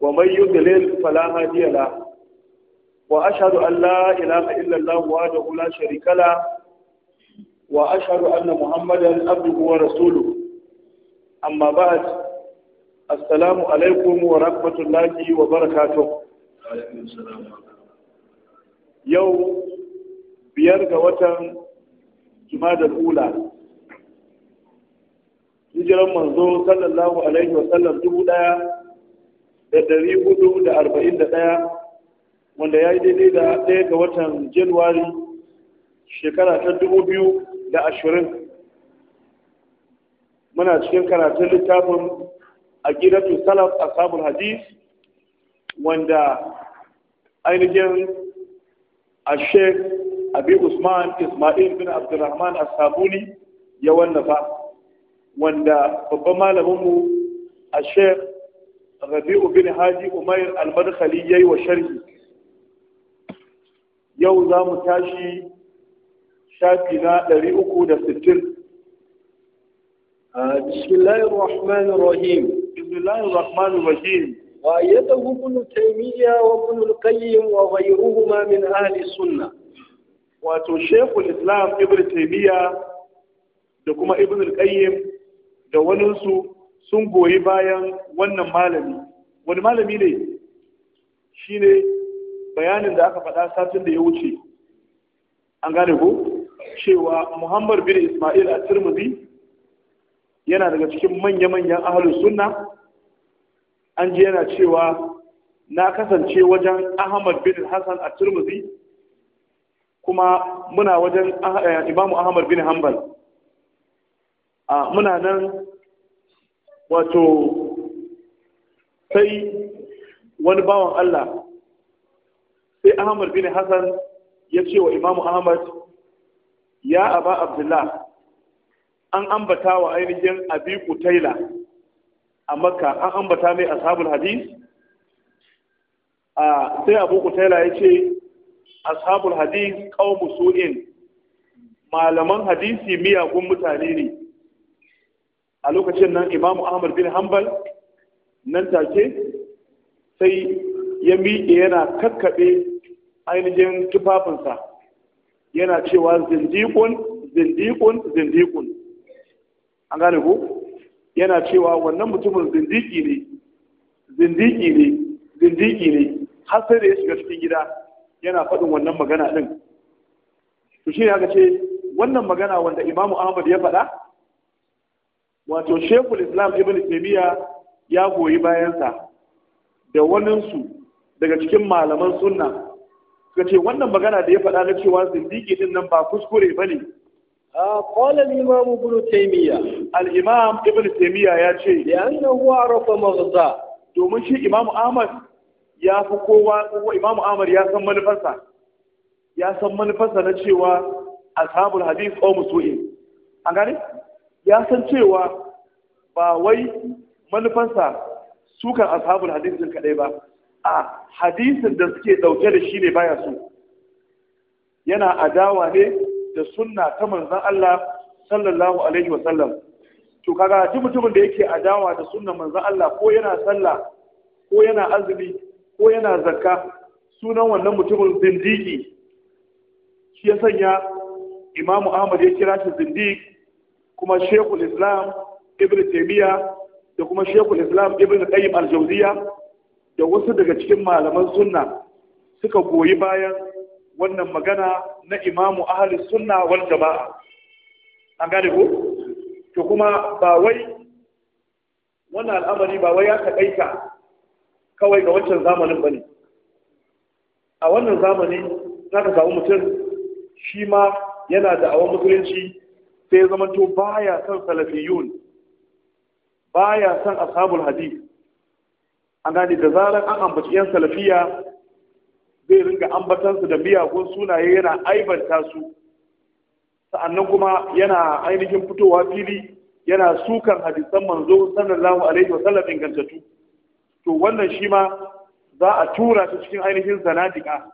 ومن يضلل فلا هادي له واشهد ان لا اله الا الله وحده لا شريك له واشهد ان محمدا عبده ورسوله اما بعد السلام عليكم ورحمه الله وبركاته yau biyar ga watan da hula hijiran manzo sallallahu alaihi wasallam dubu daya da ɗari hudu da arba'in da ɗaya wanda ya yi daidai da ɗaya ga watan januwari shekara ta dubu biyu da ashirin muna cikin karatun littafin a gidatu salaf a sabon hadis wanda ainihin a sheikh abi usman ismail bin abdulrahman as-sabuni ya wannafa, wanda babban malaminmu a sheikh rabi'u bin haji umair al-madkhali yayi wa sharhi yau za mu tashi shafi na 360 bismillahir rahmanir rahim bismillahir rahmanir rahim وأيده ابن تيمية وابن القيم وغيرهما من أهل السنة وتشيخ الإسلام ابن تيمية دكما ابن القيم دونسو sun goyi bayan wannan malami wani malami ne shi ne bayanin da aka faɗa satin da ya wuce an gane ko cewa muhammad bin ismail a turmuzi yana daga cikin manya-manyan ahalus sunna an ji yana cewa na kasance wajen ahmad bin hassan a turmuzi kuma muna wajen eh, imamu ahmad bin hanbal muna nan wato sai wani bawan Allah sai Ahmad bin Hassan ya ce wa Imam Ahmad ya aba Abdullah an ambata wa ainihin Abi Kutaila a Makka an ambata mai ashabul hadis a sai Abu Kutaila ya ce ashabul hadis qaumu su'in malaman hadisi miyagun mutane ne a lokacin nan imamu ahmad bin hanbal nan take sai ya miƙe yana kakkaɓe ainihin tufafinsa yana cewa zindiƙun zindikun zindikun an gane ku, yana cewa wannan mutumin zindiki ne zindiki ne zindiki ne har sai da ya shiga cikin gida yana faɗin wannan magana ɗin to shi ne aka ce wannan magana wanda imamu ahmad ya faɗa wato shekul islam ibn taimiyya ya goyi bayansa da waninsu daga cikin malaman sunna suka ce wannan magana da ya faɗa na cewa zindiki din nan ba kuskure ba ne قال الإمام ابن تيمية الإمام ابن تيمية يا شيء huwa rafa mazza domin shi Imam Ahmad ya fi kowa kowa Imam Ahmad ya san manufarsa ya san manufarsa na cewa ashabul hadith qaum su'in an gane ya san cewa ba wai manufansa sukan ashabul hadisin kadai ba a hadisin da suke dauke da shi ne baya so yana adawa ne da sunna ta manzon Allah sallallahu alaihi wasallam to kaga duk mutumin da yake adawa da sunnan manzon Allah ko yana sallah ko yana azumi ko yana zakka sunan wannan mutumin zindiki shi ya sanya imamu ahmad ya kira shi zindiki kuma shekul islam ibn taimiyya da kuma shekul islam ibn qayyim al-jawziya da wasu daga cikin malaman sunna suka goyi bayan wannan magana na imamu ahli sunna wal jama'a an gane ko to kuma ba wai wannan al'amari ba wai ya takaita kawai ga wancan zamanin bane a wannan zamani zaka samu mutum shi ma yana da awon musulunci sai to baya san salafiyun baya son ashabul hadith an gane da zarar an ambaci yan salafiya zai ringa su da miyagun sunaye yana aibanta su sa'annan kuma yana ainihin fitowa fili yana sukan hadisan manzo sallallahu alaihi wasallam ingantattu to wannan shi ma za a tura shi cikin ainihin zanadika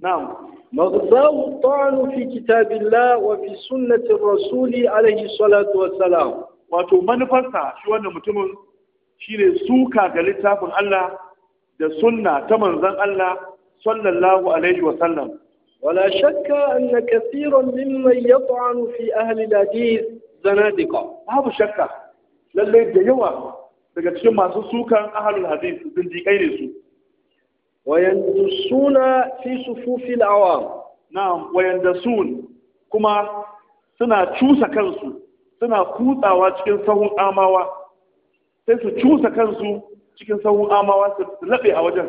نعم مغزاه الطعن في كتاب الله وفي سنة الرسول عليه الصلاة والسلام wato manufarsa shi wannan mutumin shine suka ga littafin Allah da sunna ta manzon Allah sallallahu alaihi wa wala shakka anna kathiran mimman yat'anu fi ahli al-hadith zanadiqa babu shakka lallai da yawa daga cikin masu sukan ahlul hadith zindiƙai ne su wayandussuna fi sufufil awam na'am wayandasun kuma suna cusa kansu suna kutsawa cikin sahun amawa sai su cusa kansu cikin sahun amawa su laɓe a wajen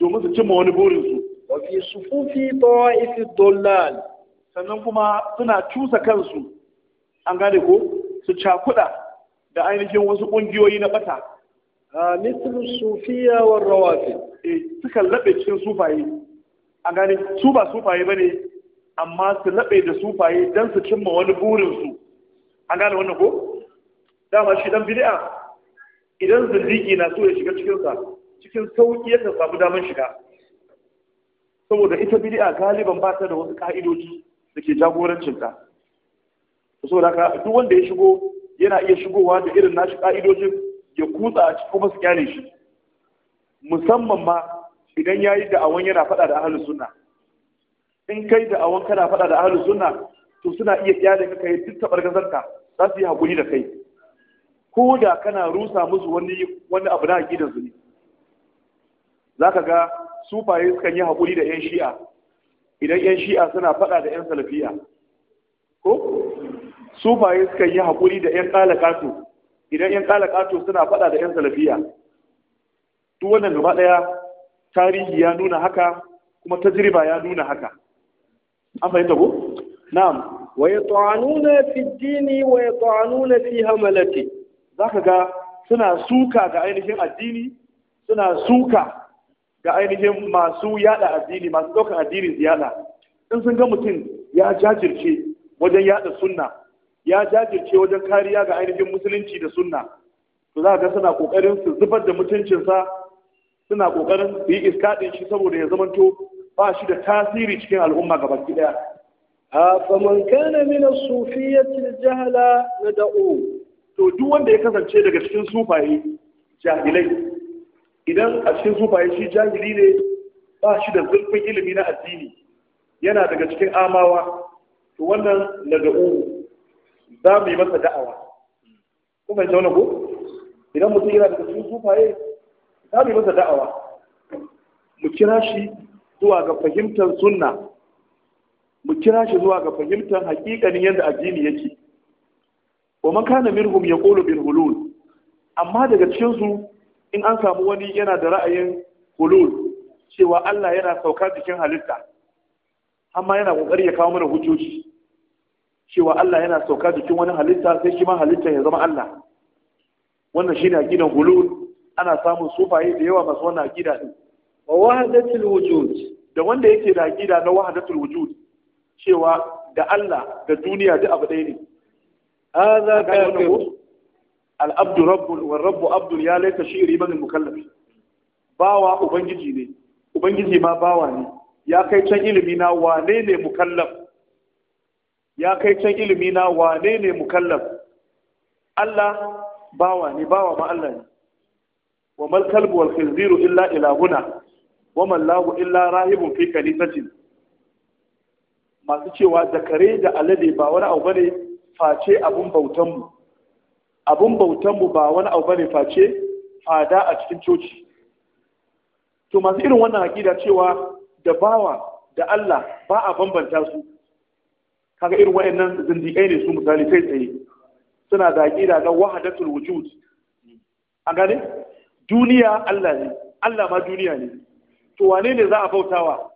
domin su cimma wani burinsu wa fi sufufi tawa'ifi dollal sannan kuma suna cusa kansu an gane ko su cakuɗa da ainihin wasu ƙungiyoyi na ɓata مثل الصوفية والروافد suka laɓe cikin sufaye a gane su ba sufaye ba ne amma su laɓe da sufaye don su cimma wani burinsu A gane wannan ko dama shi dan bid'a idan zindigi na so ya shiga cikinsa cikin sauƙi yakan samu damar shiga saboda ita bid'a galiban ba ta da wasu ka'idoji da ke jagorancinta saboda haka duk wanda ya shigo yana iya shigowa da irin nashi ƙa'idojin? ya kutsa a cikin kuma kyale shi musamman ma idan ya yi awon yana faɗa da ahalus suna in kai awon kana faɗa da ahalus suna to suna iya kyale ka kai duk taɓar za su yi haƙuri da kai ko da kana rusa musu wani wani abu na aƙidar su ne za ka ga sufaye sukan yi haƙuri da 'yan shi'a idan 'yan shi'a suna faɗa da 'yan salafiya ko sufaye sukan yi haƙuri da 'yan ƙalakatu idan yan kato suna faɗa da yan salafiya duk wannan gaba ɗaya tarihi ya nuna haka kuma tajriba ya nuna haka an fahimta ko na'am wa yata'anuna fi dini wa yata'anuna fi hamalati zaka ga suna suka ga ainihin addini suna suka ga ainihin masu yada addini masu ɗaukar addini ziyada in sun ga mutum ya jajirce wajen yada sunna ya jajirce wajen kariya ga ainihin musulunci da sunna to za ga suna kokarin su zubar da mutuncinsa suna kokarin su yi iskadin shi saboda ya zamanto ba shi da tasiri cikin al'umma gabaki daya faman kana min as-sufiyyati al-jahala nad'u to duk wanda ya kasance daga cikin sufaye jahilai idan a cikin sufaye shi jahili ne ba shi da zurfin ilimi na addini yana daga cikin amawa to wannan nad'u za mu yi masa da'awa kuma ya zaune ko idan mutum yana da cikin sufaye za mu yi masa da'awa mu kira shi zuwa ga fahimtar sunna mu kira shi zuwa ga fahimtar hakikanin yadda addini yake wa man kana minhum yaqulu bil hulul amma daga cikin su in an samu wani yana da ra'ayin hulul cewa Allah yana sauka cikin halitta amma yana kokari ya kawo mana hujjoji cewa Allah yana sauka jikin wani halitta sai shi ma halitta ya zama Allah wannan shi shine aqidan hulul ana samun sufaye da yawa masu wannan aqida din wa wahdatul wujud da wanda yake da aqida na wahdatul wujud cewa da Allah da duniya duk abu ɗaya ne hadha kafir al-abdu rabbul wa rabbu abdul ya laita shi'ri man mukallaf bawa ubangiji ne ubangiji ma bawa ne ya kai can ilimi na wane ne mukallaf ya kai can ilimi na wane ne mukallaf Allah bawa ne bawa ma Allah ne wa mal kalbu wal khinziru illa ilahuna wa man lahu illa rahibun fi kanisatin masu cewa da kare da alade ba wani abu bane face abun bautan mu abun bautan mu ba wani abu bane face fada a cikin coci to masu irin wannan aqida cewa da bawa da Allah ba a bambanta su kaga irin wayannan zindiƙai ne su misali kai tsaye suna da aƙida na wahdatul wujud an gane duniya Allah ne Allah ma duniya ne to wane ne za a bautawa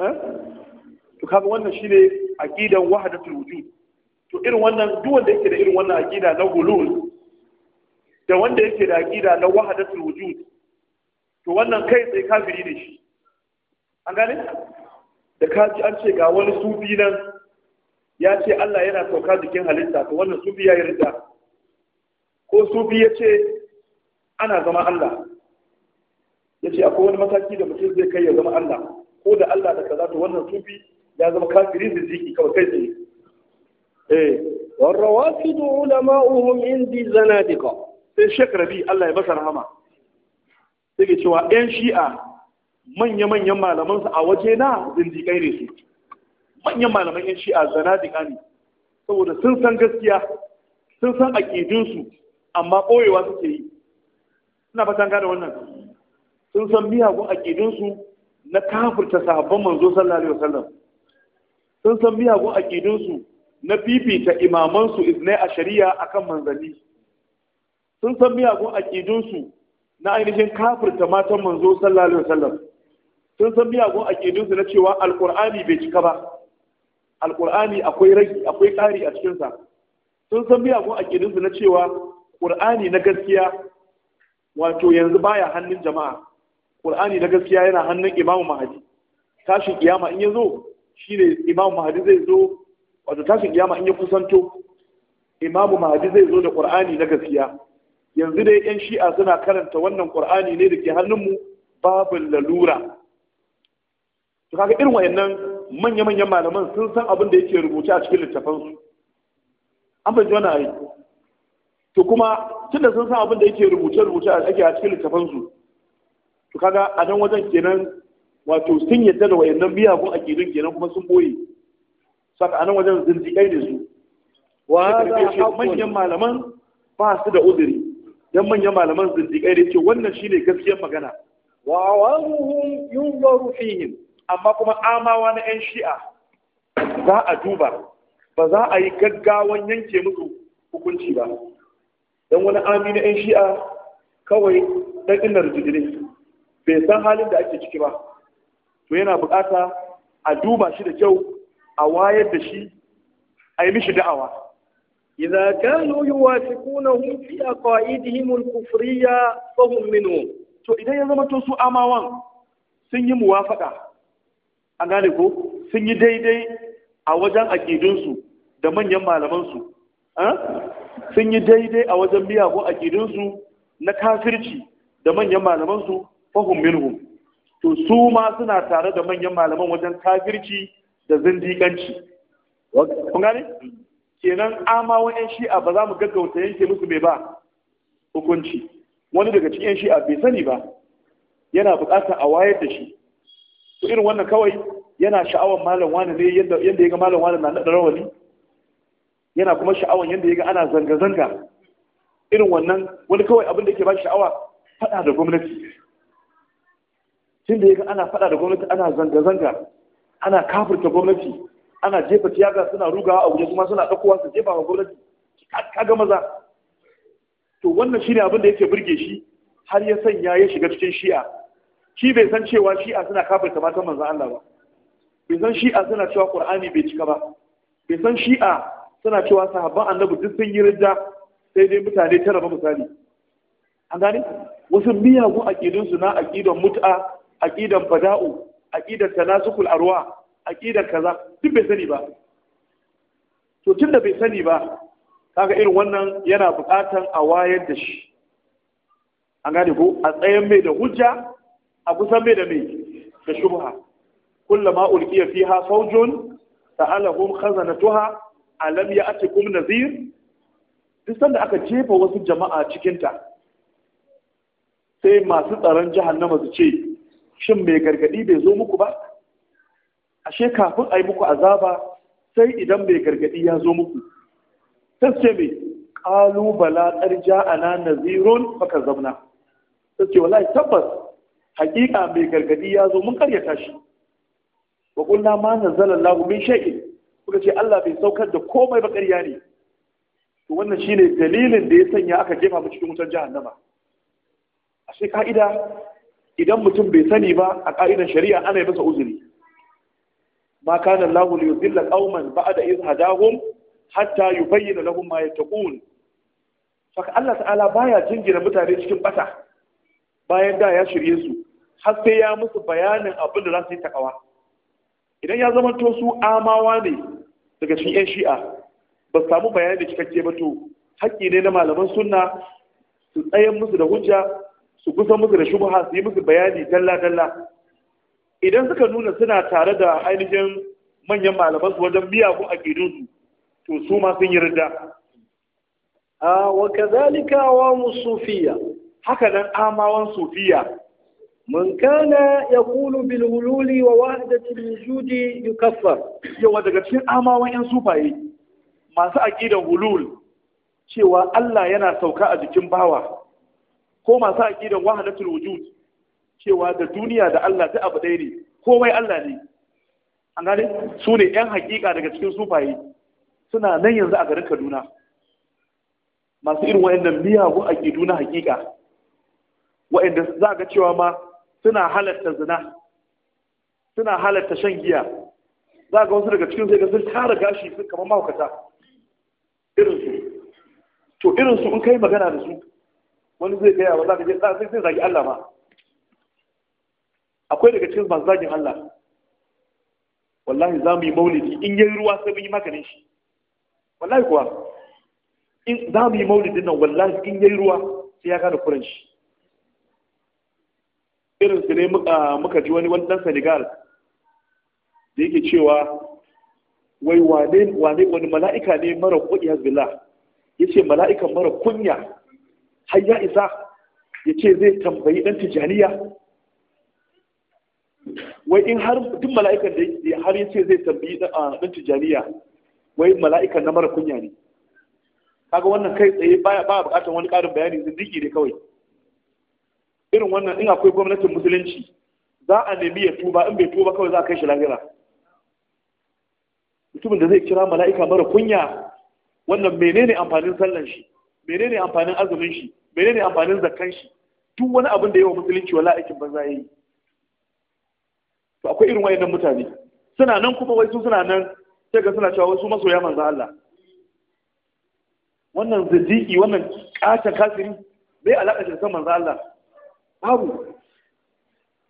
eh to kaga wannan shine aqidan wahdatul wujud to irin wannan duk wanda yake da irin wannan aqida na gulul da wanda yake da aqida na wahdatul wujud to wannan kai tsaye kafiri ne shi an gane da kaji an ce ga wani sufi nan ya ce Allah yana sauka jikin halitta to wannan sufi ya yarda ko sufi ya ce ana zama Allah ya ce akwai wani mataki da mutum zai kai ya zama Allah ko da Allah da kaza to wannan sufi ya zama kafiri da ziki kawai kai tsaye eh rawafid ulama'uhum indi زنادقة sai Sheikh Allah ya basa rahama sai cewa 'yan shi'a manya-manyan malamansu a waje na zindikai ne su manyan malaman yan shi'a zanadiƙa ne saboda sun san gaskiya sun san aƙidinsu amma ɓoyewa suke yi suna fatan da wannan sun san miyagun aƙidinsu na kafurta sahabban manzo sallallahu alaihi wasallam sun san miyagun aƙidinsu na fifita imamansu iznai a shari'a akan manzanni sun san miyagun aƙidinsu na ainihin kafurta matan manzo sallallahu alaihi wasallam sun san miyagun aƙidunsu na cewa alƙur'ani bai cika ba alƙur'ani akwai ragi akwai ƙari a cikinsa sun san miyagun aƙidunsu na cewa ƙur'ani na gaskiya wato yanzu baya hannun jama'a ƙur'ani na gaskiya yana hannun imamu mahadi tashin kiyama in ya zo ne imamu mahadi zai zo wato tashin kiyama in ya kusanto imamu mahadi zai zo da ƙur'ani na gaskiya yanzu dai yan shi'a suna karanta wannan ƙur'ani ne da ke hannunmu babu lalura to kaga irin wayannan manya-manyan malaman sun san abin da yake rubuce a cikin littafansu an bai wannan ai to kuma tunda sun san abin da yake rubuce-rubuce a cikin littafansu to kaga a nan wajen kenan wato sun yadda da wayannan miyagun akidun kenan kuma sun boye saka a nan wajen zindiƙai ne su wa manyan malaman ba su da uzuri dan manyan malaman zindiƙai ne ce wannan shine gaskiyar magana wa awahum yunzaru fihim amma kuma amawa na 'yan shi'a za a duba ba za a yi gaggawan yanke musu hukunci ba don wani ami na 'yan shi'a kawai ɗan ina rijigiri bai san halin da ake ciki ba to yana bukata a duba shi da kyau a wayar da shi a yi mishi da'awa إذا كانوا yuwafiqunahum في aqaidihim الكفرية فهم منهم. إذا minhum to idan ya zama su amawan sun yi an gane ko sun yi daidai a wajen aƙidinsu da manyan malamansu eh? sun yi daidai a wajen miyagun aƙidinsu na kafirci da manyan malamansu fahim minhum to su ma suna tare da manyan malaman wajen kafirci da zindiƙanci kun gane kenan ama wani shi'a ba za mu gaggauta yanke musu mai ba hukunci wani daga cikin shi'a bai sani ba yana buƙatar a wayar da shi to irin wannan kawai yana sha'awan malam wani ne yadda ya ga malam wani na naɗa rawani yana kuma sha'awan yadda ya ga ana zanga-zanga irin wannan wani kawai abin da ke ba sha'awa faɗa da gwamnati tun da ya ga ana faɗa da gwamnati ana zanga-zanga ana kafirta gwamnati ana jefa tiyaga suna rugawa a waje kuma suna ɗaukowa su jefa wa gwamnati kaga maza to wannan shine abin da yake burge shi har ya sanya ya shiga cikin shi'a shi bai san cewa shi'a suna ta matan manzan Allah ba bai san shi'a suna cewa Qur'ani bai cika ba bai san shi'a suna cewa sahabban annabi duk sun yi ridda sai dai mutane tara ba misali an gane wasu miyagun aqidun su na aqidan mut'a aqidan fada'u aqidan tanasukul arwa aqidan kaza duk bai sani ba to tunda bai sani ba kaga irin wannan yana buƙatan a wayar da shi an gane ko a tsayan mai da hujja a kusan mai da mai da shubha kullama ulqiya fiha fawjun sa'alahum khazanatuha alam ya'tikum nazir duk sanda aka jefa wasu jama'a cikin ta sai masu tsaron jahannama su ce shin mai gargadi bai zo muku ba ashe kafin a yi muku azaba sai idan mai gargadi ya zo muku sai ce mai ƙalubala ƙarja ana nazirun baka zauna sai ce wallahi tabbas hakika mai gargadi ya zo mun karyata shi wa qulna ma nazzala Allah min shay'in kuka ce Allah bai saukar da komai ba ƙarya ne to wannan shine dalilin da ya sanya aka jefa mu cikin wutar jahannama a sai ka'ida idan mutum bai sani ba a ka'idan shari'a ana yi masa uzuri ma kana Allah li yudilla qauman ba'da iz hadahum hatta yubayyana lahum ma yattaqun saka Allah ta'ala baya jingira mutane cikin bata bayan da ya shirye su har sai ya musu bayanin abin da za su yi takawa idan ya zama to su amawa ne daga cikin yan shi'a ba su samu bayani da cikakke ba to haƙƙi ne na malaman sunna su tsaye musu da hujja su kusa musu da shubha su yi musu bayani dalla dalla idan suka nuna suna tare da ainihin manyan malaman su wajen miyagun su to su ma sun yi ridda ah, wa kazalika wa musufiya haka nan amawan sufiya man kana yaqulu bil hululi wa wahdati al wujudi yukaffar yawa daga cikin amawan yan sufaye masu aqidan hulul cewa Allah yana sauka a jikin bawa ko masu aqidan wahdatul wujud cewa da duniya da Allah duk abu ɗaya ne komai Allah ne an gane su ne yan hakika daga cikin sufaye suna nan yanzu a garin Kaduna masu irin wayannan miyagun aqidu na hakika wa'anda za ga cewa ma suna halatta zina suna halatta shan giya za ga wasu daga cikin zai ga sun tara gashi sun kamar mahaukata irinsu to irinsu in kai magana da su wani zai gaya wa za ka je sai zai zagi Allah ma akwai daga cikin masu zagin Allah wallahi za mu yi maulidi in yi ruwa sai mun yi maganin shi wallahi kuwa in za mu yi maulidin nan wallahi in yi ruwa sai ya gane kuran shi irin su ne muka ji wani wani dan Senegal da yake cewa wai wane wane wani mala'ika ne mara kuɗi ya ce mala'ikan mara kunya har ya isa ya ce zai tambayi dan tijaniya wai in har duk mala'ikan da har ce zai tambayi dan ah, tijaniya wai mala'ikan na mara kunya ne kaga wannan kai tsaye baya ba bukatar wani karin bayani zindigi ne kawai irin wannan in akwai gwamnatin musulunci za a nemi ya tuba in bai tuba kawai za a kai shi lahira mutumin da zai kira mala'ika mara kunya wannan menene amfanin sallan shi menene amfanin azumin shi menene amfanin zakkan shi duk wani abin da yawa musulunci wala aikin banza yi. to akwai irin wayannan mutane suna nan kuma wai su suna nan sai ga suna cewa wasu masoya manzo Allah wannan zindiki wannan kata kafiri bai alaka da san manzo Allah babu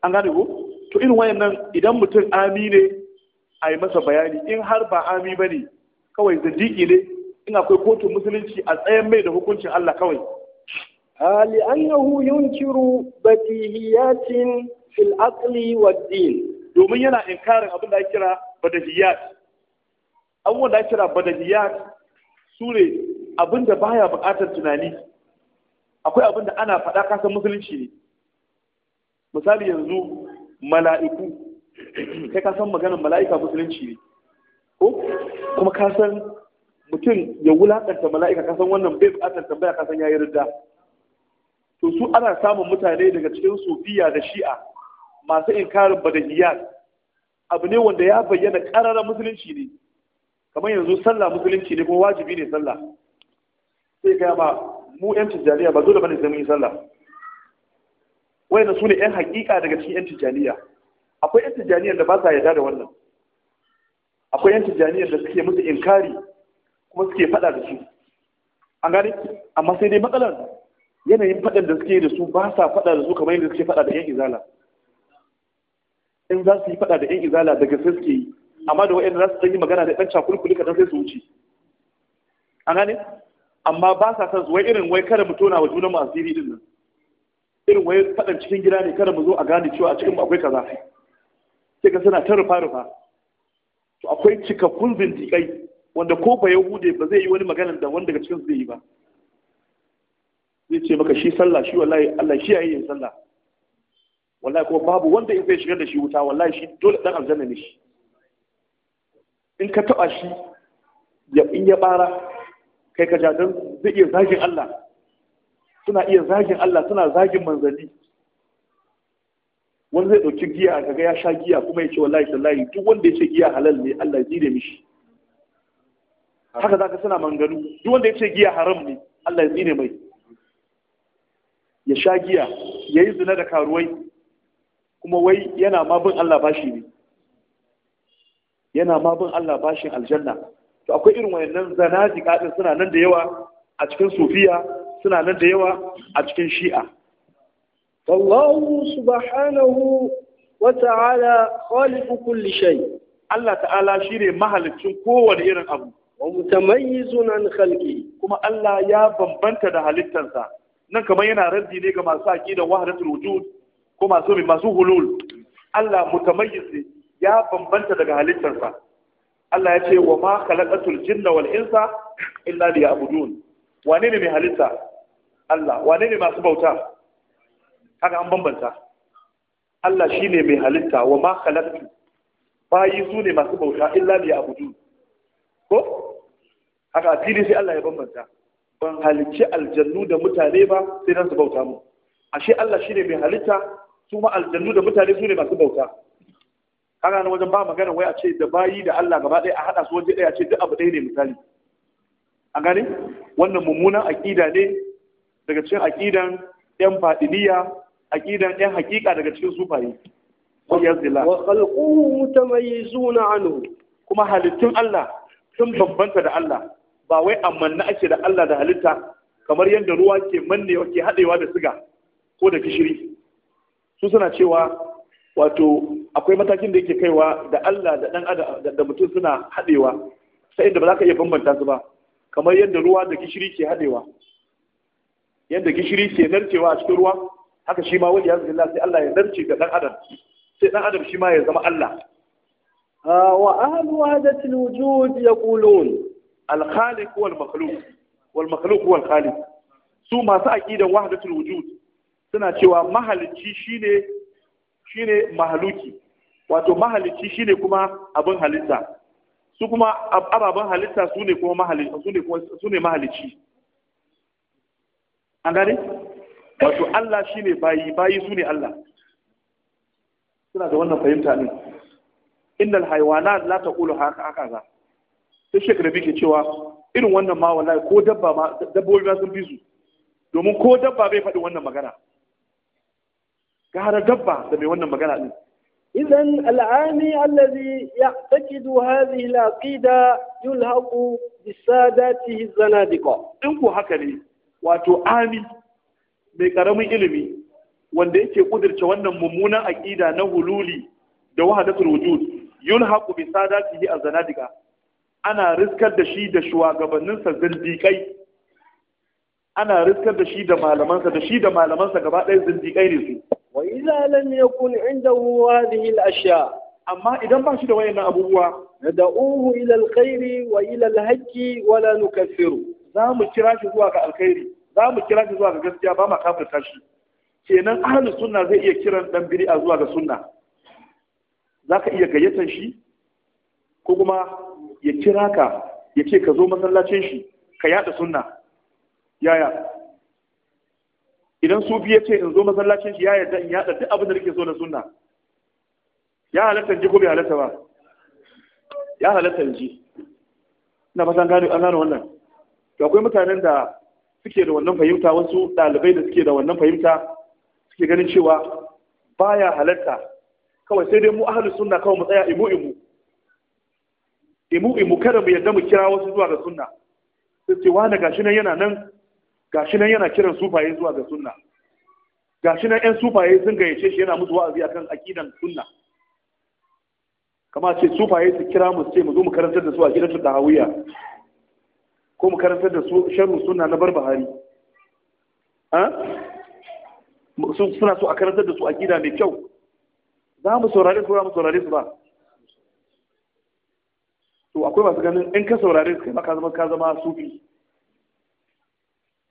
an gane ko to irin wayannan idan mutum ami ne a yi masa bayani in har ba ami ba ne kawai zindiki ne in akwai kotun musulunci a tsayan mai da hukuncin Allah kawai Ali لأنه ينكر بديهيات في العقل din. domin yana inkarin abin da kira badahiyat abubuwan da kira badahiyat su ne abin da baya bukatar tunani akwai abin da ana faɗa kasan musulunci ne misali yanzu mala'iku kai ka san maganar mala'ika musulunci ne ko kuma ka san mutum ya wulakanta mala'ika ka san wannan bai bukatar tambaya ka san yayi ridda to su ana samun mutane daga cikin sufiya da shi'a masu inkarin badahiyat abu ne wanda ya bayyana ƙararren musulunci ne kamar yanzu sallah musulunci ne kuma wajibi ne sallah sai ka ba mu yan tijjaniya ba dole bane ne mun yi sallah wayanda su ne 'yan hakika daga cikin 'yan tijjaniya akwai 'yan tijjaniyar da ba sa yarda da wannan akwai 'yan tijjaniyar da suke musu inkari kuma suke faɗa da su an gane amma sai dai matsalar yanayin faɗan da suke da su ba sa faɗa da su kamar yadda suke faɗa da 'yan izala in za su yi faɗa da 'yan izala daga sai suke yi amma da wa'yan za su yi magana da ɗan cakulkuli kaɗan sai su wuce an gane amma ba sa son su wai irin wai kada mu tona wa junan mu asiri din nan irin wai faɗan cikin gida ne kada mu zo a gane cewa a cikin akwai kaza sai ka suna ta rufa rufa to akwai cikakkun zindiƙai wanda ko ba yahude ba zai yi wani magana da wanda daga cikin zai yi ba zai ce maka shi sallah shi wallahi Allah shi yayin yin sallah wallahi kuma babu wanda in zai shigar da shi wuta wallahi shi dole dan aljanna ne shi in ka taba shi ya in ya bara kai ka ja dan zai iya zagin Allah suna iya zagin Allah suna zagin manzanni wani zai ɗauki giya a kaga ya sha giya kuma ya ce layi tallayi duk wanda ya ce giya halal ne Allah ya tsire mishi haka zaka suna manganu duk wanda ya ce giya haram ne Allah ya zire mai ya sha giya ya yi zina da karuwai kuma wai yana ma bin Allah bashi ne yana ma bin Allah bashin aljanna to akwai irin wayannan zanaji kadin suna nan da yawa a cikin sufiya suna nan da yawa a cikin shi'a Allahu subhanahu wa ta'ala khaliqu kulli shay Allah ta'ala shine mahalicin kowane irin abu wa mutamayyizun an khalqi kuma Allah ya bambanta da halittarsa nan kamar yana raddi ne ga masu aqidan wahdatul wujud ko masu masu hulul Allah mutamayyiz ya bambanta daga halittarsa Allah ya ce wa ma khalaqatul jinna wal insa illa liya'budun wane ne mai halitta Allah wane ne masu bauta kaga an bambanta Allah shine mai halitta wa ma khalaqtu bayi su ne masu bauta illa li abudu ko haka a sai Allah ya bambanta ban halicci aljannu da mutane ba sai dan su bauta mu ashe Allah shine mai halitta su ma aljannu da mutane su ne masu bauta kaga nan wajen ba magana wai a ce da bayi da Allah gaba ɗaya a hada su waje ɗaya a ce duk abu ɗaya ne misali A gani, wannan mummunan aƙida ne daga cikin aqidan ɗan fadiliya aqidan ɗan hakika daga cikin sufaye wayazila wa khalquhu mutamayyizuna anhu kuma halittun Allah sun bambanta da Allah ba wai amanna ake da Allah da halitta kamar yadda ruwa ke manne ke hadewa da siga ko da gishiri su suna cewa wato akwai matakin da yake kaiwa da Allah da dan adam da mutum suna hadewa sai inda ba za ka iya bambanta su ba kamar yadda ruwa da gishiri ke hadewa yadda gishiri ke narcewa a cikin ruwa haka shi ma wani yanzu Allah sai Allah ya narce ga dan adam sai dan adam shi ma ya zama Allah wa ahlu hadati wujud yaqulun al khaliq wal makhluq wal makhluq wal khaliq su masu aqidan wahdatul wujud suna cewa mahalicci shine shine mahaluki wato mahalicci shine kuma abin halitta su kuma ababen halitta su ne kuma mahalicci an gane wato Allah ne bayi bayi su ne Allah suna da wannan fahimta ne innal haywanat la taqulu haka aka za sai shek rabi ke cewa irin wannan ma wallahi ko dabba ma dabbobi ma sun fi su domin ko dabba bai faɗi wannan magana gara dabba da mai wannan magana ne. idan al'ami allazi ya'taqidu hadhihi al'aqida yulhaqu bisadatihi zanadiqa in ko haka ne wato ami mai karamin ilimi wanda yake kudirce wannan mummunan aqida na hululi da wahdatul wujud yulhaqu bi sadatihi azanadiqa ana riskar da shi da sa zindiƙai ana riskar da shi da malamansa da shi da malamansa gaba ɗaya zindiƙai ne su wa idza lam yakun indahu hadhihi al-ashya amma idan ba shi da wayannan abubuwa da'uhu ila al-khairi wa ila al-haqqi wa la nukaffiru za mu kira shi zuwa ga alkhairi za mu kira shi zuwa ga gaskiya ba ma kafirta shi kenan ahli sunna zai iya kiran dan bid'a zuwa ga sunna za ka iya gayyatar shi ko kuma ya kira ka ya ce ka zo masallacin shi ka yada sunna yaya idan sufi ya ce in zo masallacin shi ya yarda in yada duk abin da nake so na sunna ya halatta ji ko bai halatta ba ya halatta ji ina fatan gano an gano wannan to akwai mutanen da suke da wannan fahimta wasu ɗalibai da suke da wannan fahimta suke ganin cewa baya halatta kawai sai dai mu ahlus sunna kawai mu tsaya imu imu imu imu kada mu yadda mu kira wasu zuwa ga sunna sai ce wani gashi nan yana nan gashi nan yana kiran sufaye zuwa ga sunna gashi nan yan sufaye sun gayyace shi yana musu wa'azi akan aqidan sunna kama ce sufaye su kira mu ce mu zo mu karantar da su a gidan tahawiyya ko mu karantar da su sharhu sunna na barbahari suna so a karantar da su aqida mai kyau za mu saurare su ba mu saurare su ba to akwai masu ganin in ka saurare su kai maka zama ka zama sufi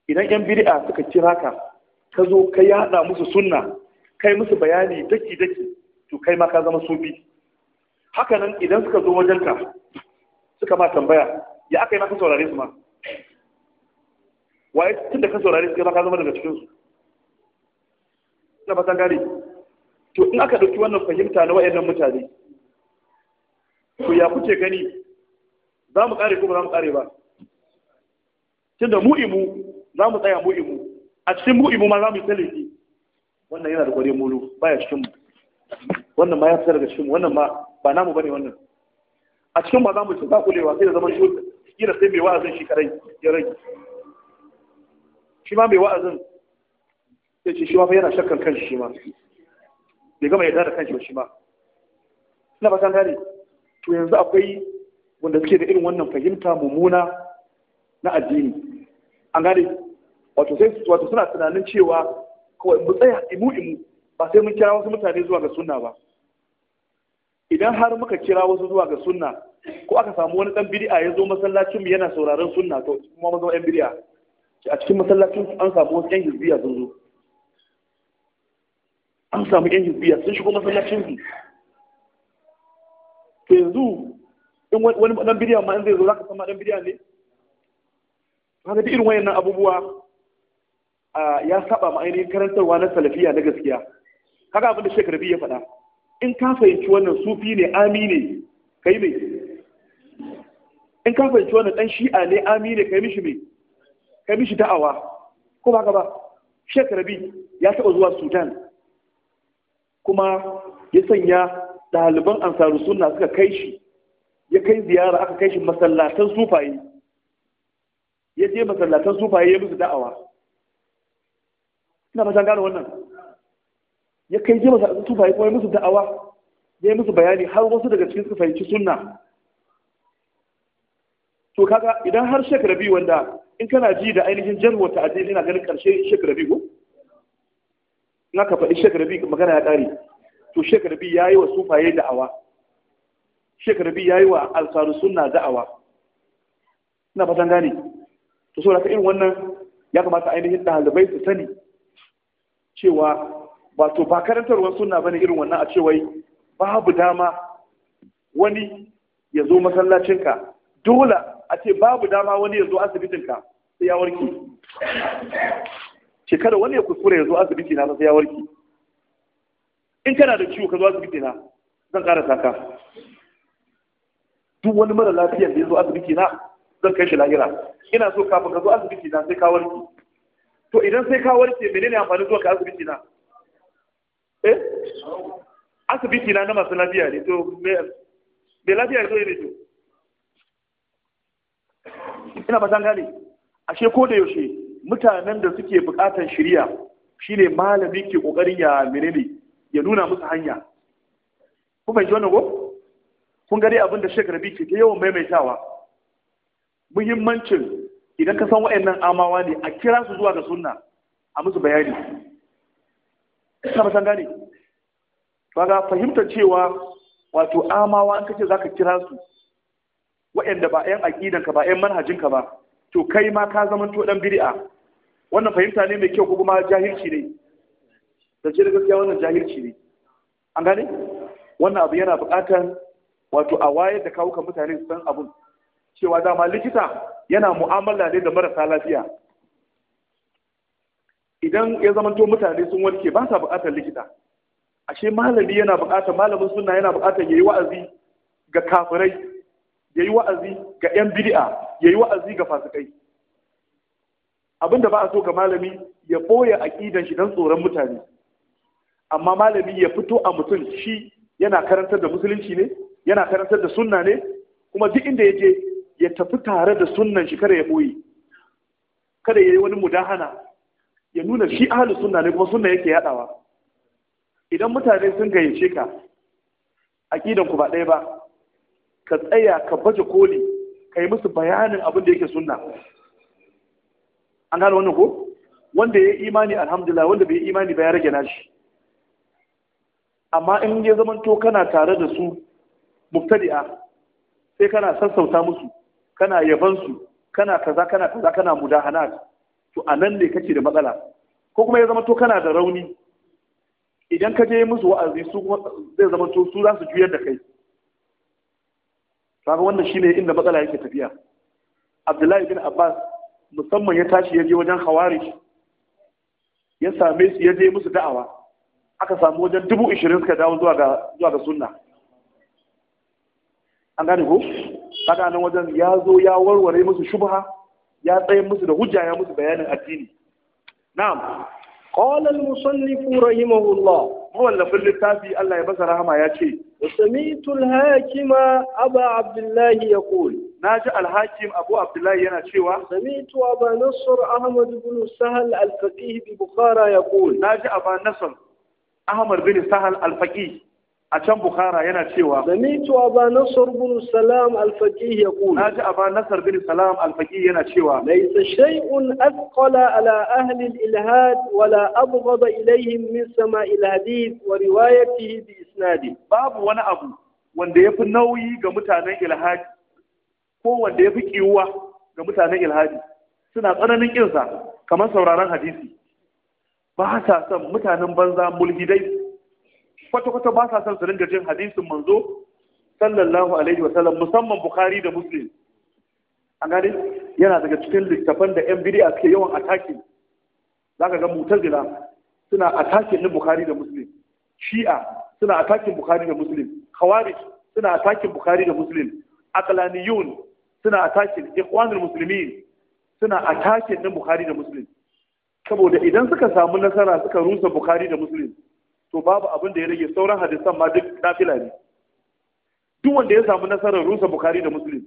idan yan bid'a suka kira ka ka zo ka yada musu sunna kai musu bayani daki daki to kai ma ka zama sufi haka nan idan suka zo wajenka suka ma tambaya ya aka yi maka saurare su ma waye tun da ka saurare su ka zama daga cikin su na fatan gane to in aka ɗauki wannan fahimta na wayannan mutane to ya kuke gani za mu kare ko ba za mu kare ba tunda mu imu za mu tsaya mu imu a cikin mu imu ma za mu yi talafi wannan yana da kware mulu baya cikin mu wannan ma ya fitar daga cikin mu wannan ma ba namu bane wannan a cikin ma za mu ci zakulewa sai da zaman shi kira sai mai wa'azin shi karai ya rage shi ma mai wa'azin ya ce shi ma fa yana shakkan kanshi shi ma bai gama yarda da kanshi ba shi ma ina ba gane to yanzu akwai wanda suke da irin wannan fahimta mummuna na addini an gane wato sai wato suna tunanin cewa kawai mu tsaya imu imu ba sai mun kira wasu mutane zuwa ga sunna ba idan har muka kira wasu zuwa ga sunna ko aka samu wani dan bid'a ya zo masallacin mu yana sauraron sunna to kuma mu zama yan bid'a a cikin masallacin an samu wasu yan hizbiya sun zo an samu yan hizbiya sun shigo masallacin su ke yanzu in wani dan bidiya ma in zai zo zaka ka ma dan bidiya ne kaga duk irin wayannan abubuwa ya saba ma ainihin karantarwa na salafiya na gaskiya kaga abin da shekarabi ya faɗa in ka fahimci wannan sufi ne ami ne kai mai in ka fahimci wannan dan shi'a ne ami ne kai mishi mai ka bi shi da'awa ko ba ka ba Sheikh Rabi ya taɓa zuwa Sudan kuma ya sanya ɗaliban ansaru sunna suka kai shi ya kai ziyara aka kai shi masallatan sufaye ya je masallatan sufaye ya musu da'awa ina fatan gane wannan ya kai je masallatan sufaye kuma ya musu da'awa ya yi musu bayani har wasu daga cikin suka fahimci sunna to kaga idan har shekara biyu wanda in kana ji da ainihin jarwar ta addini ina ganin karshe Sheikh Rabi ko na ka faɗi Sheikh Rabi magana ya ƙare to Sheikh Rabi yi wa sufaye da'awa Sheikh Rabi yi wa alsaru suna da'awa ina fatan gane to saboda ka irin wannan ya kamata ainihin ɗalibai su sani cewa ba to ba karantarwar suna bane irin wannan a cewa babu dama wani ya zo masallacinka dole a ce babu dama wani ya zo asibitinka sai ya warke Shekara kada wani ya kuskure ya zo asibiti na sai ya warke in kana da ciwo ka zo asibiti na zan ƙara saka duk wani mara lafiyar da ya zo asibiti na zan kai shi lahira ina so kafin ka zo asibiti na sai ka warke to idan sai ka warke menene amfanin zuwa ka asibiti na eh asibiti na na masu lafiya ne to me lafiya ne to ina ba gane ashe ko da yaushe mutanen da suke buƙatar shirya shine malami ke kokarin ya menene ya nuna musu hanya ku fahimci wannan ko kun ga abin da ke ta yawan maimaitawa muhimmancin idan ka san wayannan amawa ne a kira su zuwa ga sunna a musu bayani ina ba gane ga fahimtar cewa wato amawa an kace zaka kira su waɗanda ba 'yan aƙidanka ba 'yan manhajinka ba to kai ma ka zama to ɗan bid'a wannan fahimta ne mai kyau ko kuma jahilci ne da ce da gaskiya wannan jahilci ne an gane wannan abu yana buƙatar wato a wayar da kawo mutane su san abun cewa dama likita yana mu'amala ne da marasa lafiya idan ya zama to mutane sun warke ba sa buƙatar likita ashe malami yana buƙatar malamin suna yana buƙatar ya yi wa'azi ga kafirai Ya yi wa'azi ga yan bid'a yayi wa'azi ga fasikai abinda ba a so ga malami ya boye aqidan shi dan tsoron mutane amma malami ya fito a mutum shi yana karantar da musulunci ne yana karantar da sunna ne kuma duk inda ya je ya tafi tare da sunnan shi kada ya boye kada ya yi wani mudahana ya nuna shi ahalus sunna ne kuma sunna yake yaɗawa. idan mutane sun gayyace ka aqidan ku ba ɗaya ba ka tsaya ka baje koli ka yi musu bayanin abin da yake sunna an gano wannan ko wanda ya yi imani alhamdulillah wanda bai yi imani ba ya rage nashi amma in ya zama to kana tare da su mubtadi'a sai kana sassauta musu kana yaban su kana kaza kana kaza kana mudahanat to anan ne kake da matsala ko kuma ya zama to kana da rauni idan ka je musu wa'azi su zai zama to su za su juyar da kai kaga wannan shine inda matsala yake tafiya abdullahi bin abbas musamman ya tashi ya je wajen hawari ya same su ya je musu da'awa aka samu wajen dubu ishirin suka dawo zuwa ga zuwa sunna an gane ko kaga nan wajen ya zo ya warware musu shubha ya tsaye musu da hujja ya musu bayanin addini na'am قال المصنف رحمه الله مؤلف اللتافي الله يبصر رحمة ياتي وسميت الهاكم أبا عبد الله يقول ناجى الهاكم أبو عبد الله ينشيوا سميت أبا نصر أحمد بن سهل الفقيه ببخارى يقول ناجى أبا نصر أحمد بن سهل الفقيه a can bukhara yana cewa samitu aba nasr bin salam al-faqih yaqul naji aba nasr bin salam al-faqih yana cewa laysa shay'un athqala ala ahli al-ilhad wala abghada ilayhim min sama'i al-hadith wa riwayatihi bi isnadi babu wani abu wanda yafi nauyi ga mutanen ilhadi ko wanda yafi kiwuwa ga mutanen ilhadi suna tsananin kinsa kamar sauraron hadisi ba sa son mutanen banza mulhidai kwata-kwata ba sa son su jirgin jin hadisin manzo sallallahu alaihi wa sallam musamman bukhari da muslim an gane yana daga cikin littafan da yan bid'a ke yawan Za zaka ga mutazila suna atakin ni bukhari da muslim shi'a suna atakin bukhari da muslim khawarij suna atakin bukhari da muslim aqlaniyun suna atakin ikhwanul muslimin suna atakin ni bukhari da muslim saboda idan suka samu nasara suka rusa bukhari da muslim to babu abin da ya rage sauran hadisan ma duk nafila ne duk wanda ya samu nasarar rusa bukari da muslim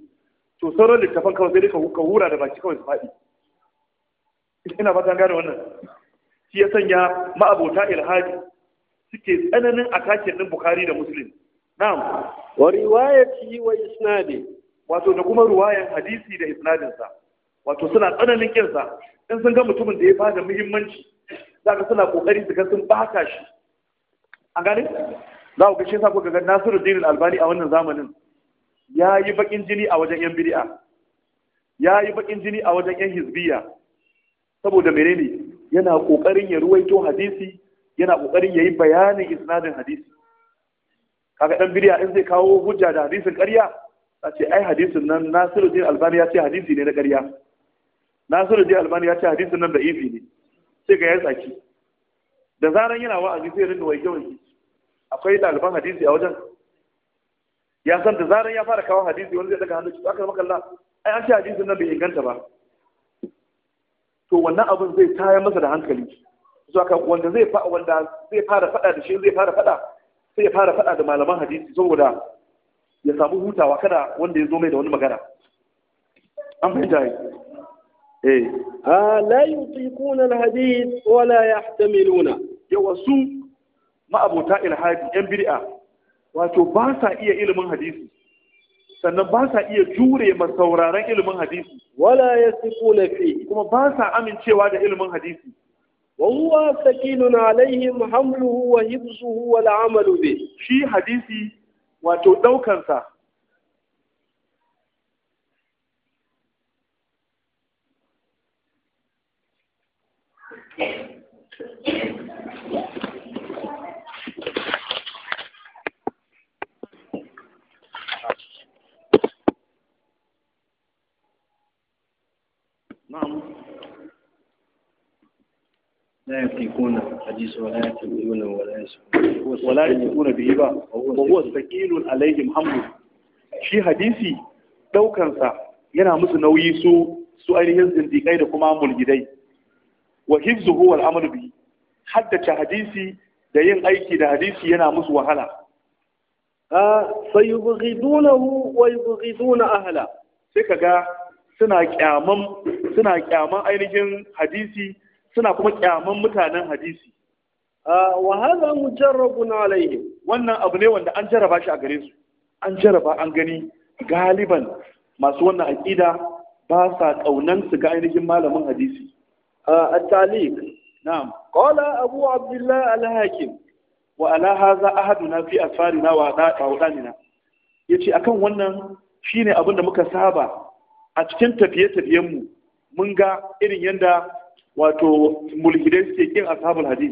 to sauran littafan kawai sai dai ka hura da baki kawai su faɗi ina fatan gane wannan shi ya sanya ma'abota ilhadi suke tsananin atakin din bukari da muslim na'am wa riwayati wa isnadi wato da kuma ruwayan hadisi da isnadin sa wato suna tsananin kinsa in sun ga mutumin da ya fada muhimmanci za ka suna kokari su ga sun baka shi an gane za ku ga shi sa ku ga Nasiruddin Albani a wannan zamanin ya yi bakin jini a wajen yan bid'a ya yi bakin jini a wajen yan hizbiya saboda menene yana kokarin ya ruwaito hadisi yana kokarin yayi bayanin isnadin hadisi kaga dan bid'a in zai kawo hujja da hadisin ƙarya a ce ai hadisin nan Nasiru Nasiruddin Albani ya ce hadisi ne na ƙarya Nasiruddin Albani ya ce hadisin nan da ifi ne sai ga ya tsaki da zaran yana wa'azi sai rinda waike waike akwai ɗaliban hadisi a wajen ya san da zarar ya fara kawo hadisi wani zai daga hannu cikin aka makalla ai an ce hadisin nan bai inganta ba to wannan abin zai tayar masa da hankali zuwa ka wanda zai fa wanda zai fara fada da shi zai fara fada sai ya fara fada da malaman hadisi saboda ya samu hutawa kada wanda ya zo mai da wani magana an fahimta yi eh ah, la yutiquna alhadith wala yahtamiluna yawasu ma'abota ilhadi yan bid'a wato ba sa iya ilimin hadisi sannan ba sa iya jure ma sauraron ilimin hadisi wala ya yasiquna fi kuma ba sa amincewa da ilimin hadisi wa huwa sakinun alaihim hamluhu wa hibsuhu wa amalu bi shi hadisi wato daukan sa Thank you. لا يملكون حديث ولا يتبعون ولا يسمعون ولا يسمعون به وهو ثقيل shi hadisi daukansa yana musu nauyi su su ainihin zindiƙai da kuma mulgidai wa hifzuhu wal amalu bi haddace hadisi da yin aiki da hadisi yana musu wahala fa yubghidunahu wa yubghiduna ahla sai kaga suna kyaman suna kyaman ainihin hadisi suna kuma kyaman mutanen hadisi ah, wa hadha mujarrabun alaihim wannan abu ne wanda an jarraba shi a gare su an jarraba an gani galiban masu wannan aqida ba sa kaunan su ga ainihin malamin hadisi ah, at-taliq na'am qala abu abdullah al-hakim wa ala hadha ahaduna fi asfarina wa haudanina yace akan wannan shine abin da muka saba a cikin tafiye-tafiyenmu mun ga irin yadda wato mulhidai suke kin ashabul hadis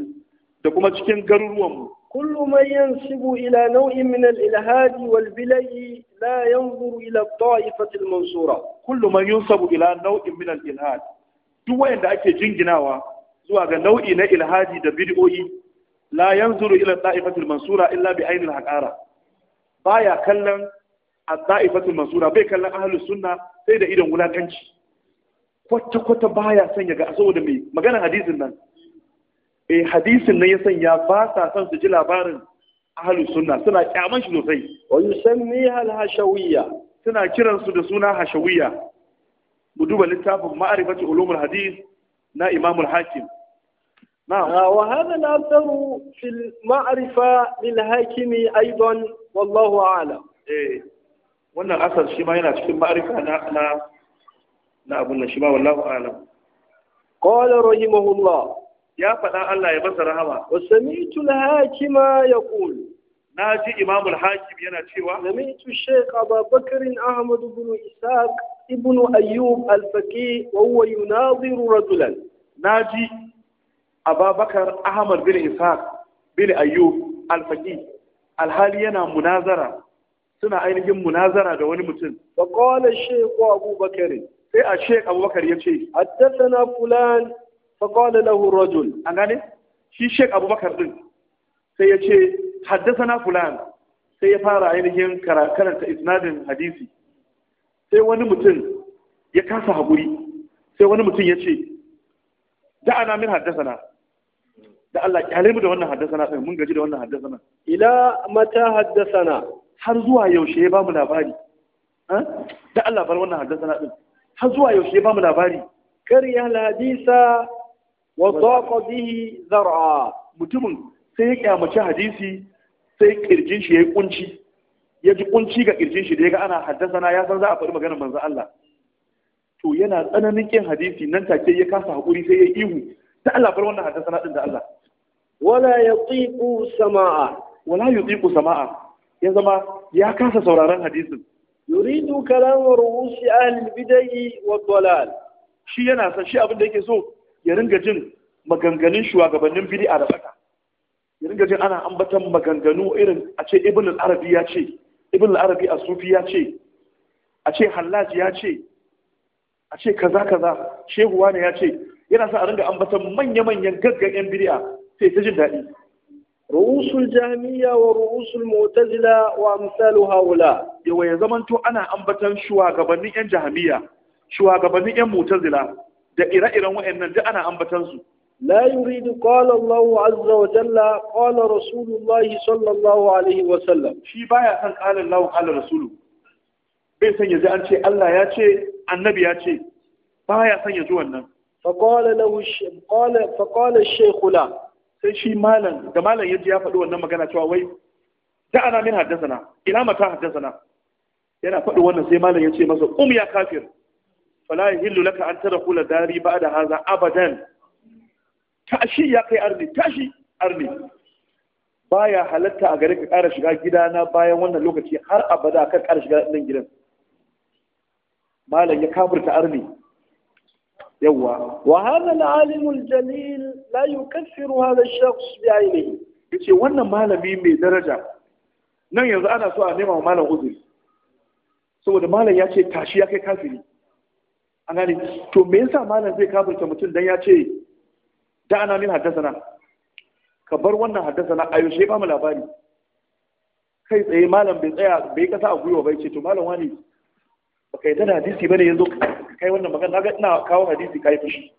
da kuma cikin garuruwanmu kullu man yansibu ila nau'in min al-ilhadi wal bilayi la yanzuru ila at-ta'ifati al-mansura kullu man yansabu ila nau'in min al-ilhad duk wanda ake jinginawa zuwa ga nau'i na ilhadi da bid'o'i la yanzuru ila at-ta'ifati al-mansura illa bi ainil haqara baya kallon at-ta'ifati al-mansura bai kallon ahlus sunna sai da idan wulakanci kwata-kwata baya sanya ga saboda mai maganar hadisin nan eh hadisin nan ya sanya ba sa son su ji labarin ahli sunna suna kyaman shi sosai wa yusammiha al-hashawiyya suna kiran su da suna hashawiyya mu duba littafin ma'arifatu ulumul hadis na imam al-hakim نعم وهذا ah, fil في lil hakimi aidan wallahu a'lam eh wannan asar shi ma yana cikin ma'arifa na na na abun nan shi ma wallahu alam qala rahimahullah ya faɗa Allah ya masa rahama wa sami'tu al-hakima yaqul na ji imamu al-hakim yana cewa sami'tu shaykh abubakar ahmad ibn ishaq ibn ayyub al-faqih wa huwa yunadiru rajulan na ji abubakar ahmad bin ishaq bin ayyub al-faqih alhali yana munazara suna ainihin munazara da wani mutum fa qala shaykh Abu Bakari. sai a shaykh Abu Bakar yace haddathana fulan fa qala lahu rajul an gane shi shaykh Abu Bakari din sai ya ce haddathana fulan sai ya fara ainihin karanta isnadin hadisi sai wani mutum ya kasa haƙuri sai wani mutum ya ce da ana min haddasana da Allah kyale mu da wannan haddasana ɗin mun gaji da wannan haddasana ila mata haddasana har zuwa yaushe ya bamu labari da Allah bar wannan haddasa ɗin har zuwa yaushe ya bamu labari kariya hadisa wa daqa bihi zar'a mutumin sai ya kyamaci hadisi sai ƙirjin shi ya yi kunci ya ji kunci ga ƙirjin shi da ya ga ana haddasa na ya san za a faɗi maganar manzo Allah to yana tsananin ƙin hadisi nan take ya kasa haƙuri sai ya ihu da Allah bar wannan haddasa ɗin da Allah wala tsiku sama'a wala tsiku sama'a ya zama ya kasa sauraron hadisin yuridu kalamar ru'usi ahli bidai wa dalal shi yana san shi abin da yake so ya ringa jin maganganun shugabannin bid'a da bata ya ringa jin ana ambatan maganganu irin a ce ibn al-arabi ya ce ibn al-arabi as-sufi ya ce a ce hallaj ya ce a ce kaza kaza shehu ne ya ce yana sa a ringa ambatan manya-manyan gaggan yan bid'a sai ta jin daɗi رؤوس الجهمية ورؤوس المعتزلة وأمثال هؤلاء يوي زمن تو أنا أنبتن شوا غبني إن جهمية شوا غبني إن معتزلة da ire-iren wa'annan duk ana ambatan su la yuridu qala Allahu azza wa jalla rasulullahi sallallahu shi baya san qala Allahu qala rasulu bai san yaji an ce Allah ya ce annabi ya ce baya san yaji wannan fa fa sai shi malam da malam ya ji ya faɗi wannan magana cewa wai da ana min haddasana ina mata haddasana yana faɗi wannan sai malam ya ce masa um ya kafir fala yahillu laka an tadkhula dari ba'da hadha abadan tashi ya kai arni tashi arni baya halatta a gare ka ƙara shiga gidana bayan wannan lokaci har abada kan ƙara shiga nan gidan malam ya kafirta arni yawa wa hadha al-alim al-jalil la yukaffiru hadha ash-shakhs bi'aynihi wannan malami mai daraja nan yanzu ana so a nema wa malam uzuri saboda malam ya ce tashi ya kai kafiri an gane to me yasa malam zai kafirta mutum dan ya ce da ana min haddasana ka bar wannan haddasana a yaushe ba mu labari kai tsaye malam bai tsaya bai kasa a gwiwa bai ce to malam wani baka yi da hadisi bane yanzu kai wannan magana naga ina kawo hadisi kai fushi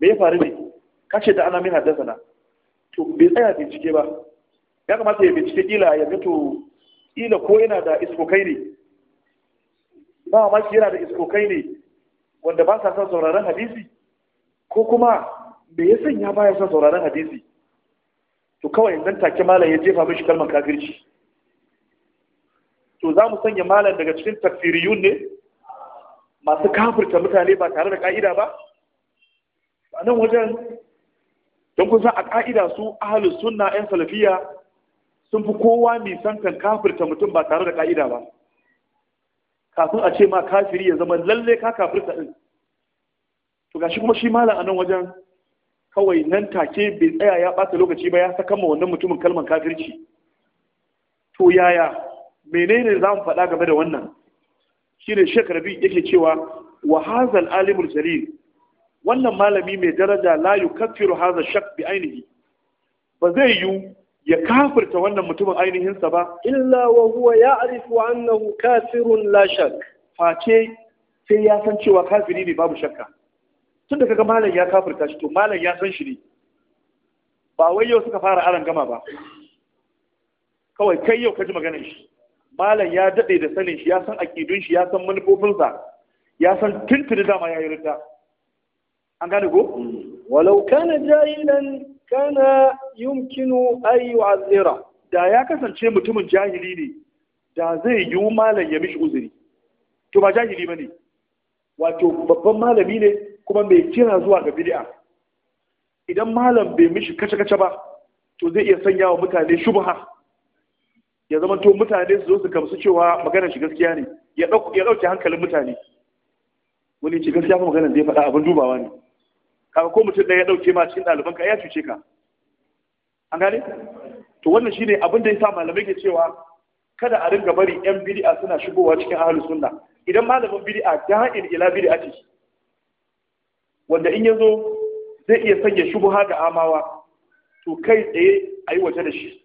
me ya faru ne Ka ce da ana min haddasa to bai tsaya bincike ba ya kamata ya bincike kila ya ga to kila ko yana da iskokai ne ba ma yana da iskokai ne wanda ba sa son sauraron hadisi ko kuma me ya sanya baya son sauraron hadisi to kawai nan take malam ya jefa mishi kalmar kafirci to za mu sanya malam daga cikin tafsiriyun ne masu kafirta mutane ba tare da ka'ida ba a nan wajen don kun a ka'ida su ahalus sunna yan salafiya sun fi kowa kan kafirta mutum ba tare da ka'ida ba kafin a ce ma kafiri ya zama lalle ka kafirta din to gashi kuma shi malam a nan wajen kawai nan take bai tsaya ya ɓata lokaci ba ya saka ma wannan mutumin kalmar kafirci to yaya menene za mu faɗa game da wannan shine Sheikh Rabi yake cewa wa hazal alimul jalil wannan malami mai daraja la yukaffiru hadha shak bi ainihi ba zai yu ya kafirta wannan mutumin ainihin sa ba illa wa huwa ya'rifu annahu kafirun la shak face sai ya san cewa kafiri ne babu shakka tun da kaga malam ya kafirta shi to malam ya san shi ne ba wai yau suka fara aran gama ba kawai kai yau ka ji maganar shi malam ya daɗe da sanin shi ya san aƙidun shi ya san manufofinsa ya san tuntuni dama ya yi rita. an gane ko walau kana jahilan kana yumkinu an yu'azzira da ya kasance mutumin jahili ne da zai yi malam ya mishi uzuri to ba jahili bane wato babban malami ne kuma mai kira zuwa ga bid'a idan malam bai mishi kace-kace ba to zai iya sanya wa mutane shubha ya zama to mutane su zo su kamsu cewa maganar shi gaskiya ne ya ɗauke hankalin mutane wani ce gaskiya fa maganar da ya faɗa abin dubawa ne kaga ko mutum ɗaya ya ɗauke ma cikin ɗaliban ka ya cuce ka an gane to wannan shine abin da yasa malamai ke cewa kada a ringa bari yan bid'a suna shigowa cikin ahlus sunna idan malamin bid'a da'in ila bid'ati wanda in yazo zai iya sanya shubuha ga amawa to kai tsaye yi wata da shi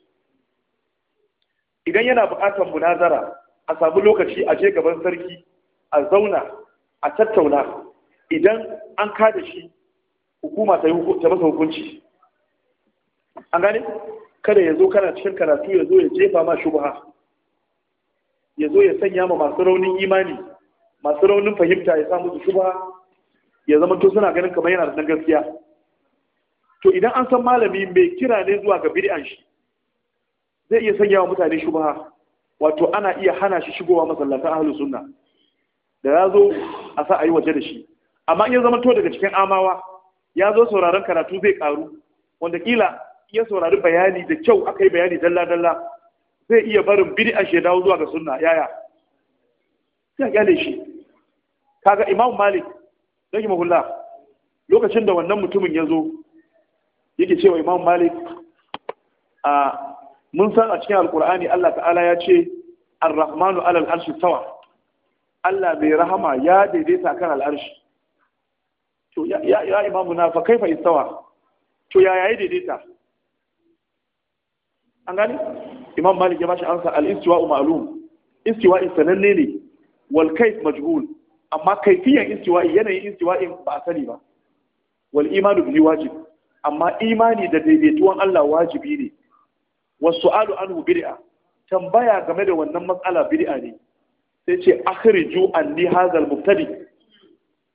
idan yana buƙatar munazara a samu lokaci a je gaban sarki a zauna a tattauna idan an kada shi hukuma ta masa hukunci an gane kada ya zo kana cikin karatu ya zo ya jefa ma shubha ya zo ya sanya ma masu raunin imani masu raunin fahimta ya sa musu shubha ya zama to suna ganin kamar yana da gaskiya to idan an san malami mai kira ne zuwa ga bid'an shi zai iya sanya wa mutane shubaha wato ana iya hana shi shigowa masallatan ahlus sunna da ya zo a sa a yi waje da shi amma in ya zama to daga cikin amawa ya zo sauraron karatu zai karu wanda kila ya saurari bayani da kyau aka yi bayani dalla dalla zai iya barin bid'a shi dawo zuwa ga sunna yaya sai ya kyale shi kaga imam malik rahimahullah lokacin da wannan mutumin ya zo yake cewa imam malik a ah, mun san a cikin alkur'ani Allah ta'ala ya ce ar-rahmanu alal arshi tawa Allah bai rahama ya daidaita kan al'arshi to ya ya imamu na fa kaifa istawa to ya yayi daidaita an gani imam malik ya bashi ansa al-istiwa ma'lum istiwa sananne ne wal kayf majhul amma kaifiyan istiwa yanayin istiwa ba a sani ba wal imanu bihi wajib amma imani da daidaituwan Allah wajibi ne wasu alu anhu biri'a tambaya game da wannan matsala biri'a ne sai ce akhriju anni hazal mubtadi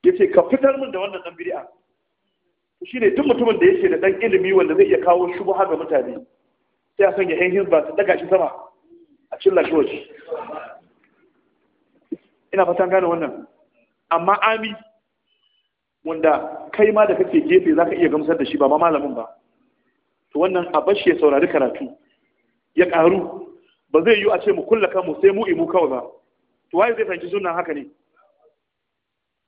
yace ka fitar min da wannan dan bid'a shine duk mutumin da yake da dan ilimi wanda zai iya kawo shubha ga mutane sai a sanya yan hizba ta daga shi sama a cilla shi waje ina fatan gane wannan amma ami wanda kai ma da kake gefe zaka iya gamsar da shi ba ma malamin ba to wannan a bashi ya saurari karatu ya ƙaru ba zai yi a ce mu kulla kanmu sai mu imu kawai ba to waye zai fahimci sunan haka ne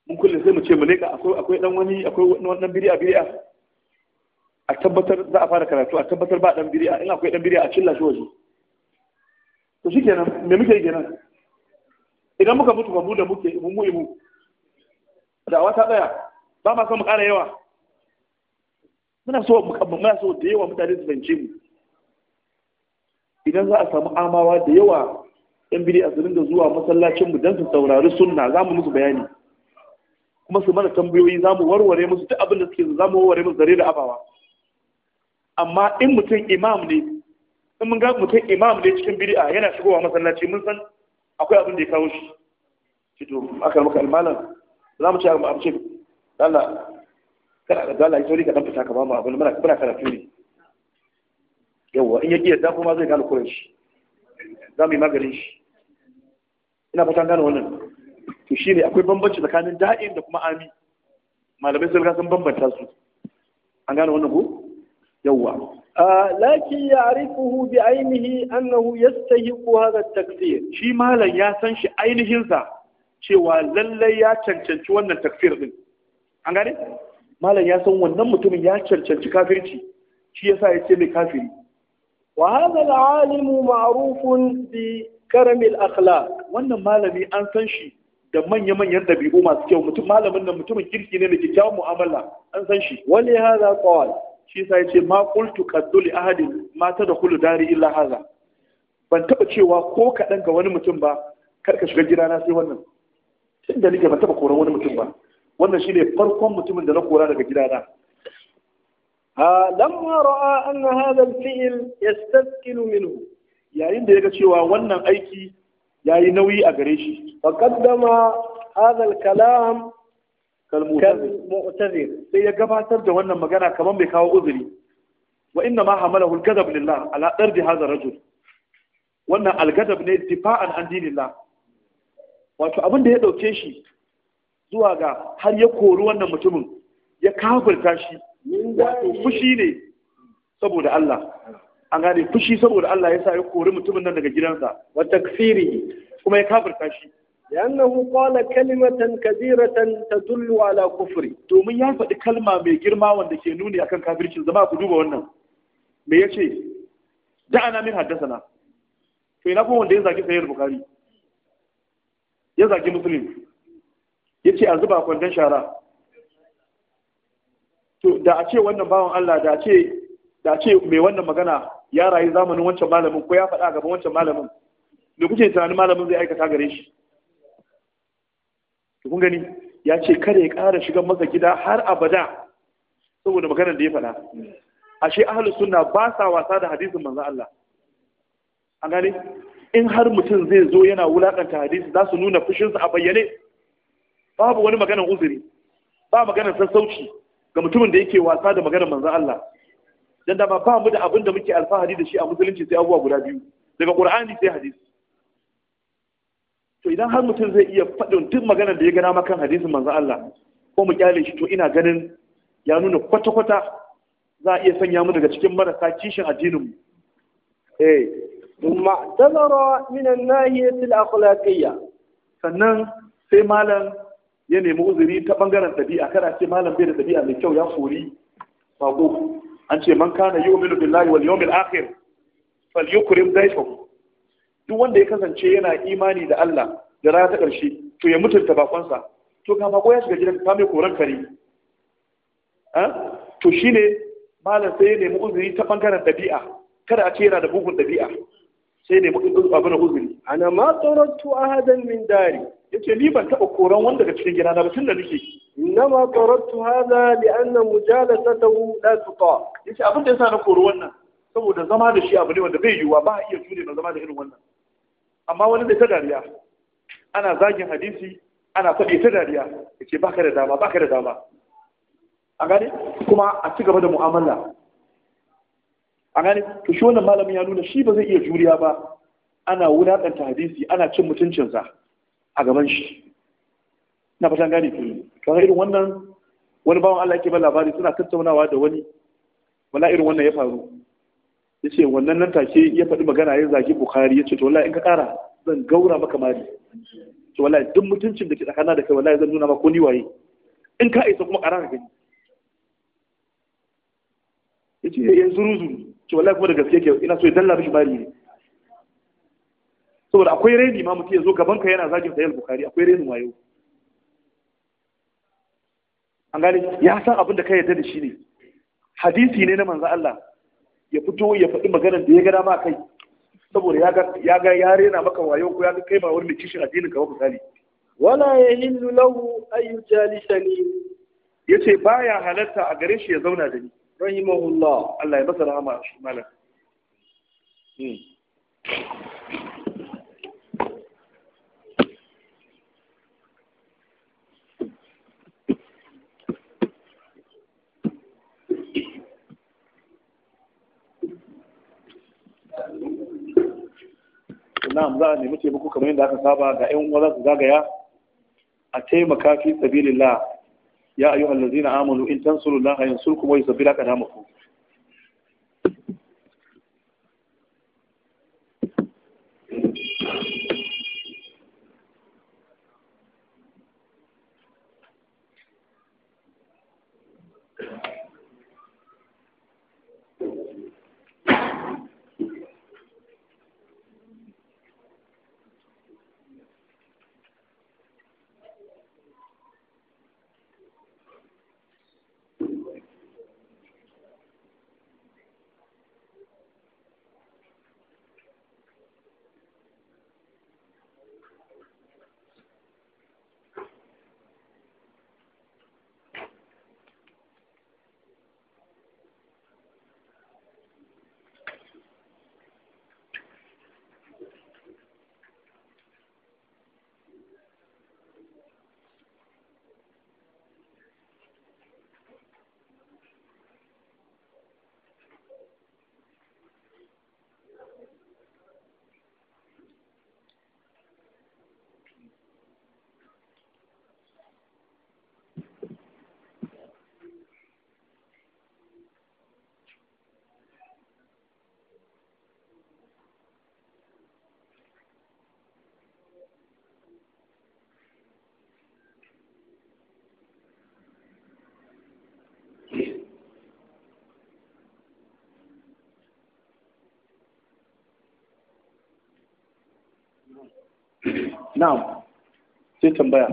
mun kulle sai mu ce mu leka akwai dan wani akwai wannan biri'a-biri'a a tabbatar za a fara karatu a tabbatar ba dan biri'a in akwai dan biri'a a cilla shi waje to shikenan me muke yi kenan idan muka mutu ba mu da muke mu mu da wata daya ba ma son mu ƙara yawa muna so muna so da yawa mutane su fahimce mu idan za a samu amawa da yawa yan bid'a su da zuwa masallacin mu dan su saurari sunna za mu musu bayani kuma su mana tambayoyi za mu warware musu duk abin da suke za mu warware musu zare da abawa amma in mutum imam ne in mun ga mutum imam ne cikin bid'a yana shigowa masallaci mun san akwai abin da ya kawo shi shi to aka maka almalan za mu ci a ce Allah kada ga Allah ya tsori ka dan fita ka ba mu abin muna karatu ne yawwa in ya ƙi yadda kuma zai gane kuren shi za mu yi maganin shi ina fata gane wannan to shi ne akwai bambanci tsakanin da'in da kuma ami malamai sun sun bambanta su an gane wannan ko yawwa lakin ya arifuhu bi ainihi annahu yastahiqu hadha at-takfir shi malam ya san shi ainihin sa cewa lallai ya cancanci wannan takfir din an gane malam ya san wannan mutumin ya cancanci kafirci shi yasa ya ce mai kafiri وهذا العالم معروف بكرم الأخلاق wannan malami an san shi da manya-manyan dabi'u masu kyau mutum malamin nan mutumin kirki ne da kyakkyawan mu'amala an san shi ya hadha qawl shi sai ce ma qultu qaddu li ahadin da tadkhulu dari illa hadha ban taba cewa ko kaɗan ga wani mutum ba karka shiga gidana sai wannan tun da nake ban taba koran wani mutum ba wannan shine farkon mutumin da na kora daga gidana lamma ra'a anna hadha al-fi'l yastathqilu minhu yayin da yaga cewa wannan aiki yayi nauyi a gare shi fa qaddama hadha al-kalam sai ya gabatar da wannan magana kamar mai kawo uzuri wa inna ma hamalahu al-kadhab lillah ala dardi wannan al-kadhab ne difa'an an dinillah wato abin da ya dauke shi zuwa ga har ya kori wannan mutumin ya kafirta shi wato fushi ne saboda Allah an gane fushi saboda Allah ya sa ya kori mutumin nan daga gidansa wa takfiri kuma ya kafirta shi لأنه kalimatan كلمة كبيرة تدل على كفره domin ya faɗi kalma mai girma wanda ke nuni akan kafircin zama ku duba wannan me yace da'ana min haddathana to ina kuma wanda ya zagi sayyid bukhari ya zagi muslim yace a zuba kwandon shara to da a ce wannan bawan Allah da ce da ce mai wannan magana ya rayu zamanin wancan malamin ko ya faɗa gaban wancan malamin me kuke tunanin malamin zai aikata gare shi to kun gani ya ce kada ya ƙara shiga masa gida har abada saboda maganar da ya faɗa ashe ahlus sunna ba sa wasa da hadisin manzo Allah an gane in har mutum zai zo yana wulakanta hadisi za su nuna fushinsa a bayyane babu wani maganar uzuri ba maganar sassauci ga mutumin da yake wasa da maganar manzan Allah dan da ba mu da abin da muke alfahari da shi a musulunci sai abubuwa guda biyu daga Qur'ani sai hadisi to idan har mutum zai iya faɗin duk maganar da ya gana makan hadisin manzan Allah ko mu kyale shi to ina ganin ya nuna kwata-kwata za a iya sanya mu daga cikin marasa kishin addinin mu eh ثم اعتذر من الناحية الأخلاقية sannan sai malam ya nemi uzuri ta bangaren ɗabi'a kada ce malam bai da ɗabi'a mai kyau ya kori bako an ce man kana yu'minu billahi wal yawmil akhir falyukrim dayfahu duk wanda ya kasance yana imani da Allah da rana ta ƙarshe to ya mutunta bakonsa to ga bako ya shiga gidan ta mai koran kare to shine malam sai ya nemi uzuri ta bangaren ɗabi'a kada a ce yana da bugun ɗabi'a sai ya nemi abin uzuri ana ma tsoratu ahadan min dari yace ni ban taɓa koran wanda daga cikin gidana ba tunda nake nama qaratu hadha li anna mujalasatahu la tuqa yace abin da yasa na koro wannan saboda zama da shi abu ne wanda bai yiwuwa ba iya jure ba zama da irin wannan amma wani da ta dariya ana zagin hadisi ana faɗi ta dariya yace baka da dama baka da dama a gane kuma a ci gaba da mu'amala a gane to shi wannan malamin ya nuna shi ba zai iya juriya ba ana wulaƙanta hadisi ana cin mutuncinsa a gaban shi na fatan gane to ga irin wannan wani bawan Allah yake ba labari suna tattaunawa da wani wala irin wannan ya faru yace wannan nan take ya faɗi magana ya zagi Bukhari yace to wallahi in ka kara zan gaura maka mali to wallahi duk mutuncin da ke tsakana da kai wallahi zan nuna maka ko ni waye in ka isa kuma ƙara ka gani yace eh, ya zuru zuru to wallahi kuma da gaske ke ina so ya dalla mishi mali ne saboda akwai reni ma mutum ya zo gaban ka yana zagin sayar bukari akwai renin wayo an gane ya san abin da ka yarda da shi ne hadisi ne na manzo Allah ya fito ya faɗi maganar da ya gada ma kai saboda ya ga ya rena maka wayo ko ya ga kai ba wani kishin addinin ka ba misali wala yahillu lahu an yujalisani yace baya halatta a gare shi ya zauna da ni rahimahullah Allah ya masa rahama shi malam hmm. na'am za a nemi taimako kamar yadda aka saba ga 'yan uwa za su zagaya a taimaka fi sabilillah ya ayyuhal ladzina amanu in tansurullaha yansurkum wa yusabbir ku. na'am sai tambaya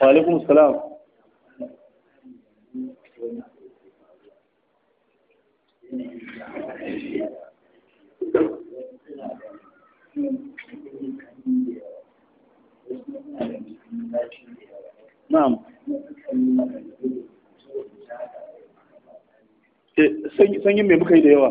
wa alaikum salam Na'am. Eh, sanyi mai muka yi da yawa.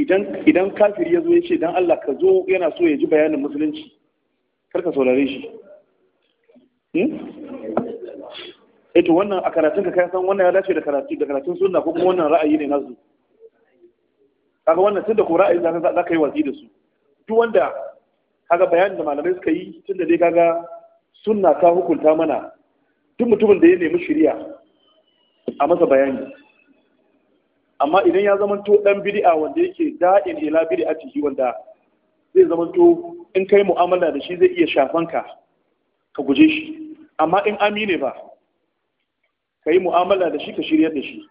idan kafir ya zo ya ce dan Allah ka zo yana so ya ji bayanin musulunci kar ka saurare shi hmm? eh to wannan a karatun ka san wannan ya dace da karatu da karatun sunna ko kuma wannan ra'ayi ne nazu kaga wannan tunda ko ra'ayi zaka ka yi wazi da su duk wanda kaga bayanin da malamai suka yi tunda dai kaga sunna ta hukunta mana duk mutumin da ya nemi shari'a a masa bayani amma idan ya to dan bid'a wanda yake da'in ila bid'atihi wanda zai to in kai mu'amala da shi zai iya shafan ka ka guje shi amma in amine ba ka yi mu'amala da shi ka shiryar da shi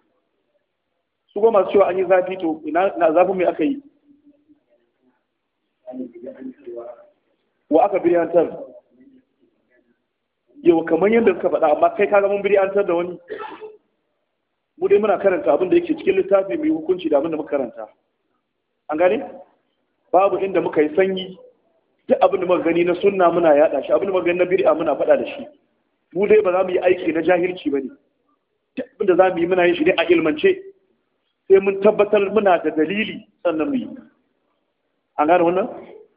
su goma cewa an yi zafi to ina na zafin mai aka yi wa aka biryantar yau kamar yadda suka faɗa amma kai ka zama biryantar da wani mu dai muna karanta abin da yake cikin littafi mai hukunci da abin da muka karanta an gane babu inda muka yi sanyi duk abin da muka gani na sunna muna yada shi abin da muka gani na bid'a muna faɗa da shi mu dai ba za mu yi aiki na jahilci ba ne duk abin da za mu yi muna yin shi ne a ilmance sai mun tabbatar muna da dalili sannan mu yi an gane wannan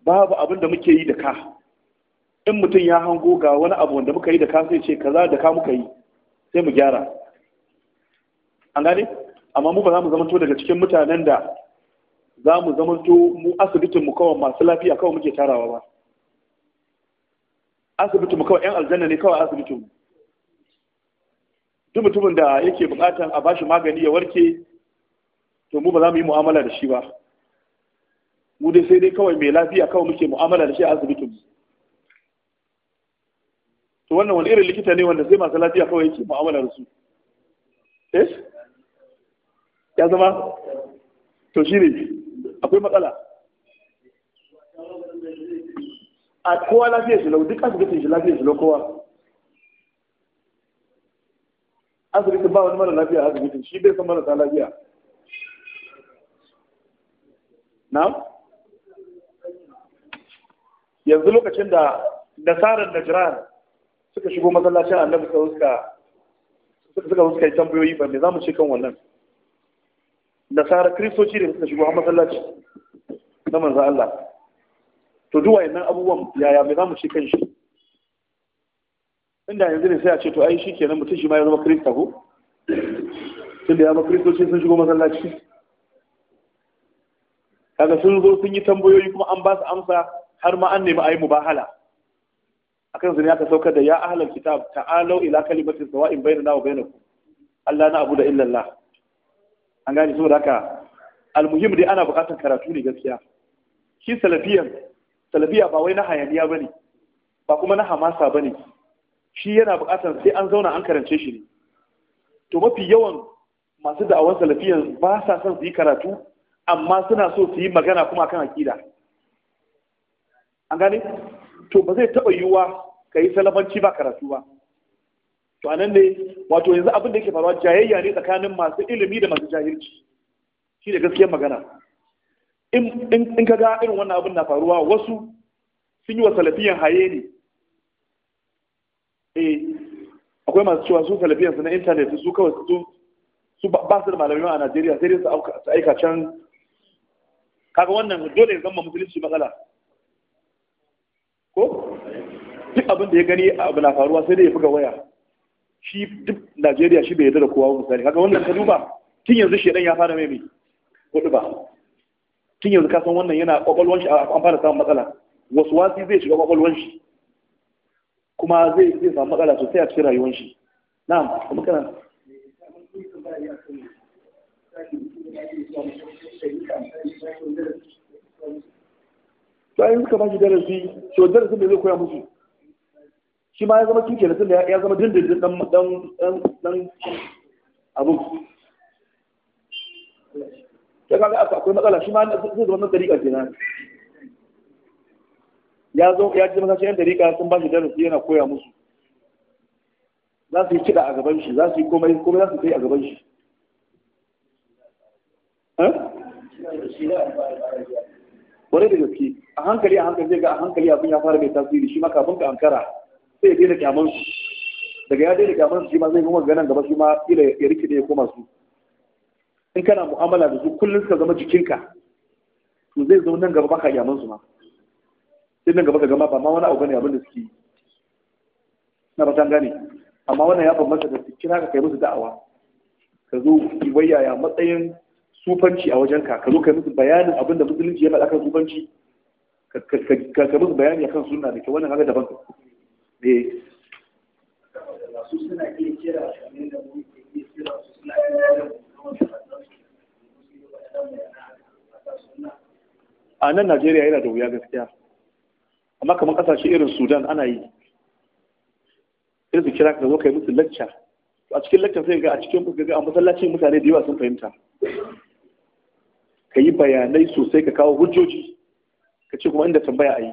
babu abin da muke yi da ka in mutum ya hango ga wani abu wanda muka yi da ka sai ce kaza da ka muka yi sai mu gyara an gane amma mu ba za mu to daga cikin mutanen da za mu to mu asibitin mu kawai masu lafiya kawai muke tarawa ba asibitin mu kawai yan aljanna ne kawai asibitin mu duk mutumin da yake bukatan a bashi magani ya warke to mu ba za mu yi mu'amala da shi ba mu dai sai dai kawai mai lafiya kawai muke mu'amala da shi a asibitin mu to wannan wani irin likita ne wanda sai masu lafiya kawai yake mu'amala da su eh ya zama to shi ne akwai matsala a kowa lafiyar shi lau duk asibitin shi lafiyar shi lau kowa asibitin ba wani mara lafiya asibitin shi bai san ta lafiya na yanzu lokacin da nasarar najiran suka shigo masallacin annabi suka suka suka yi tambayoyi ba me za mu ce kan wannan nasara kristoci da suka shigo a masallaci na manzan Allah to duwa nan abubuwan yaya mai za mu ci kan shi inda yanzu ne sai a ce to ai shi nan mutum shi ma ya zama krista ko tunda ya zama kristoci sun shigo masallaci kaga sun zo sun yi tambayoyi kuma an ba su amsa har ma an nemi a yi mu bahala. akan su ne aka saukar da ya ahalar kitab ta'alau ila kalimatin sawa'in na wa ku? Allah na abu da illallah an gane saboda haka almuhim dai ana buƙatar karatu ne gaskiya shi salafiyan salafiya ba wai na hayaniya bane ba kuma na hamasa bane shi yana bukatar sai an zauna an karance shi ne to mafi yawan masu da'awar salafiyan ba sa son su yi karatu amma suna so su yi magana kuma kan akida an gane to ba zai taɓa yiwuwa ka yi salafanci ba karatu ba to anan ne wato yanzu abin da yake faruwa jayayya ne tsakanin masu ilimi da masu jahilci shi da gaskiyar magana in ka ga irin wannan abin na faruwa wasu sun yi wa salafiyan haye ne eh akwai masu cewa su salafiyan su na intanet su kawai su su ba su da malamai a Najeriya sai dai su aika can kaga wannan dole ya zama musulunci matsala ko duk abin da ya gani abu na faruwa sai dai ya buga waya shi duk Najeriya shi bai yarda da kowa misali kaga wannan ka duba tun yanzu shedan ya fara mai mai kudu ba tun yanzu ka san wannan yana kwakwalwan shi a fara samun matsala wasu wasi zai shiga kwakwalwan shi kuma zai zai samu matsala sosai a cikin rayuwar shi na'am kuma kana to ayin suka ba shi darasi to darasin da zai koya musu shi ma ya zama tuke da tunda ya zama dindindin dan dan dan abu ta kaga akwai matsala shi ma zai zama dariƙa kenan ya zo ya ji masashen yan dariƙa sun ba shi darasi yana koya musu za su yi kiɗa a gaban shi za su yi komai komai za su kai a gaban shi eh? wani da gaske a hankali a hankali zai ga a hankali abin ya fara mai tasiri shi maka kafin ka ankara sai ya daina kyaman su daga ya daina kyaman su shi ma zai kuma ganan gaba shi ma kila ya rikide ya koma su in kana mu'amala da su kullum suka zama jikinka to zai zo nan gaba baka kyaman su ma sai nan gaba ka gama ba ma wani abu bane abin da suke yi na ba gane amma wannan ya bambanta da su kira ka kai musu da'awa ka zo kiwayya ya matsayin sufanci a wajenka ka zo kai musu bayanin abin da musulunci ya faɗa kan sufanci ka musu bayani akan sunna da ke wannan kaga daban ka. a nan najeriya yana da wuya gaskiya amma kamar kasashe irin sudan ana yi irin su kira ka zo ka musu lacca a cikin lacca sai ga a cikin gaga a masallacin mutane da yawa sun fahimta ka yi bayanai sosai ka kawo hujjoji ka ce kuma inda tambaya a yi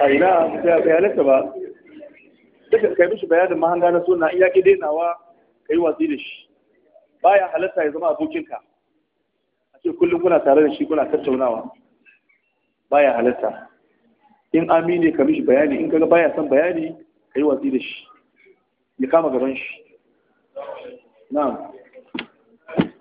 a ina da bayanarsa ba duka kai mishi bayanin mahanga na suna in yaƙi dainawa ka yi watsi da shi baya halatta ya zama abokinka a ce kullum kuna tare da shi kuna tattaunawa baya halatta in amini ka mishi bayani in kaga baya son bayani ka yi watsi da shi ya kama gaban shi na'am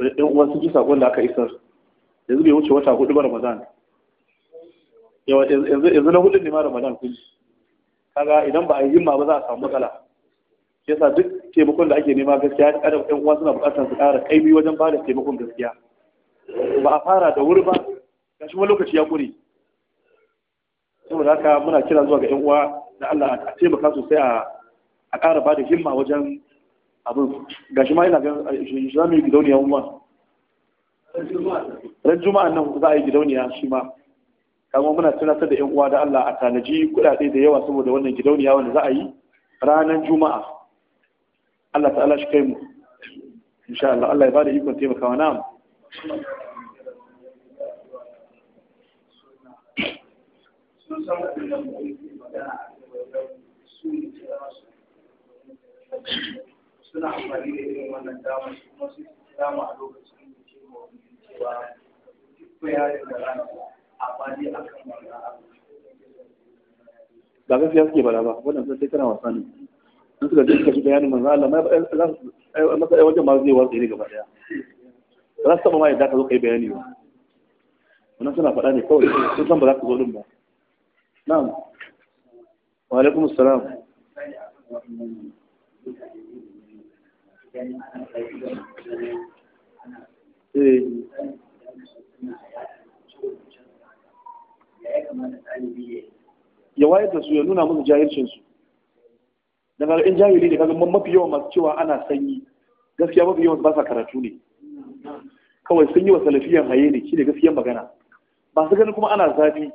ɗan uwan sun ji sakon da aka isar yanzu bai wuce wata hudu ba ramadan yanzu na hudun ne ma ramadan kun ji kaga idan ba a yi himma ba za a samu matsala shi yasa duk taimakon da ake nema gaskiya ya ɗan uwa suna buƙatar su ƙara ƙaimi wajen ba da taimakon gaskiya ba a fara da wuri ba ga shi lokaci ya ƙure saboda haka muna kira zuwa ga 'yan uwa da Allah a taimaka sosai a ƙara ba da himma wajen abin gashi ma yana ga shi za mu yi gidauniya kuma ran juma'a nan za a yi gidauniya shi ma kamar muna tunatar da yan uwa da Allah a tanaji kuɗaɗe da yawa saboda wannan gidauniya wanda za a yi ranar juma'a Allah ta'ala shi kai mu insha Allah Allah ya bada ikon taimakawa na'am Thank you. suna amfani da irin wannan damar su kuma su dama a lokacin da ke mawani cewa duk bayanin da rana a bani a kan abu ba gaskiya suke bala ba wannan sai kana wasa ne in suka je suka ji bayanin manzo Allah mai za su masa ai wajen ma zai warke ne gaba daya ba za su taba ma yadda ka zo kai bayani ba wannan suna faɗa ne kawai sun san ba za ka zo din ba na'am wa alaikum assalam ya wayar da su ya nuna musu jahilcinsu daga in jahili ne kaga mafi yawan masu cewa ana sanyi gaskiya mafi yawan ba sa karatu ne kawai sun yi wa salafiyan haye ne shi ne gaskiyan magana ba su ganin kuma ana zafi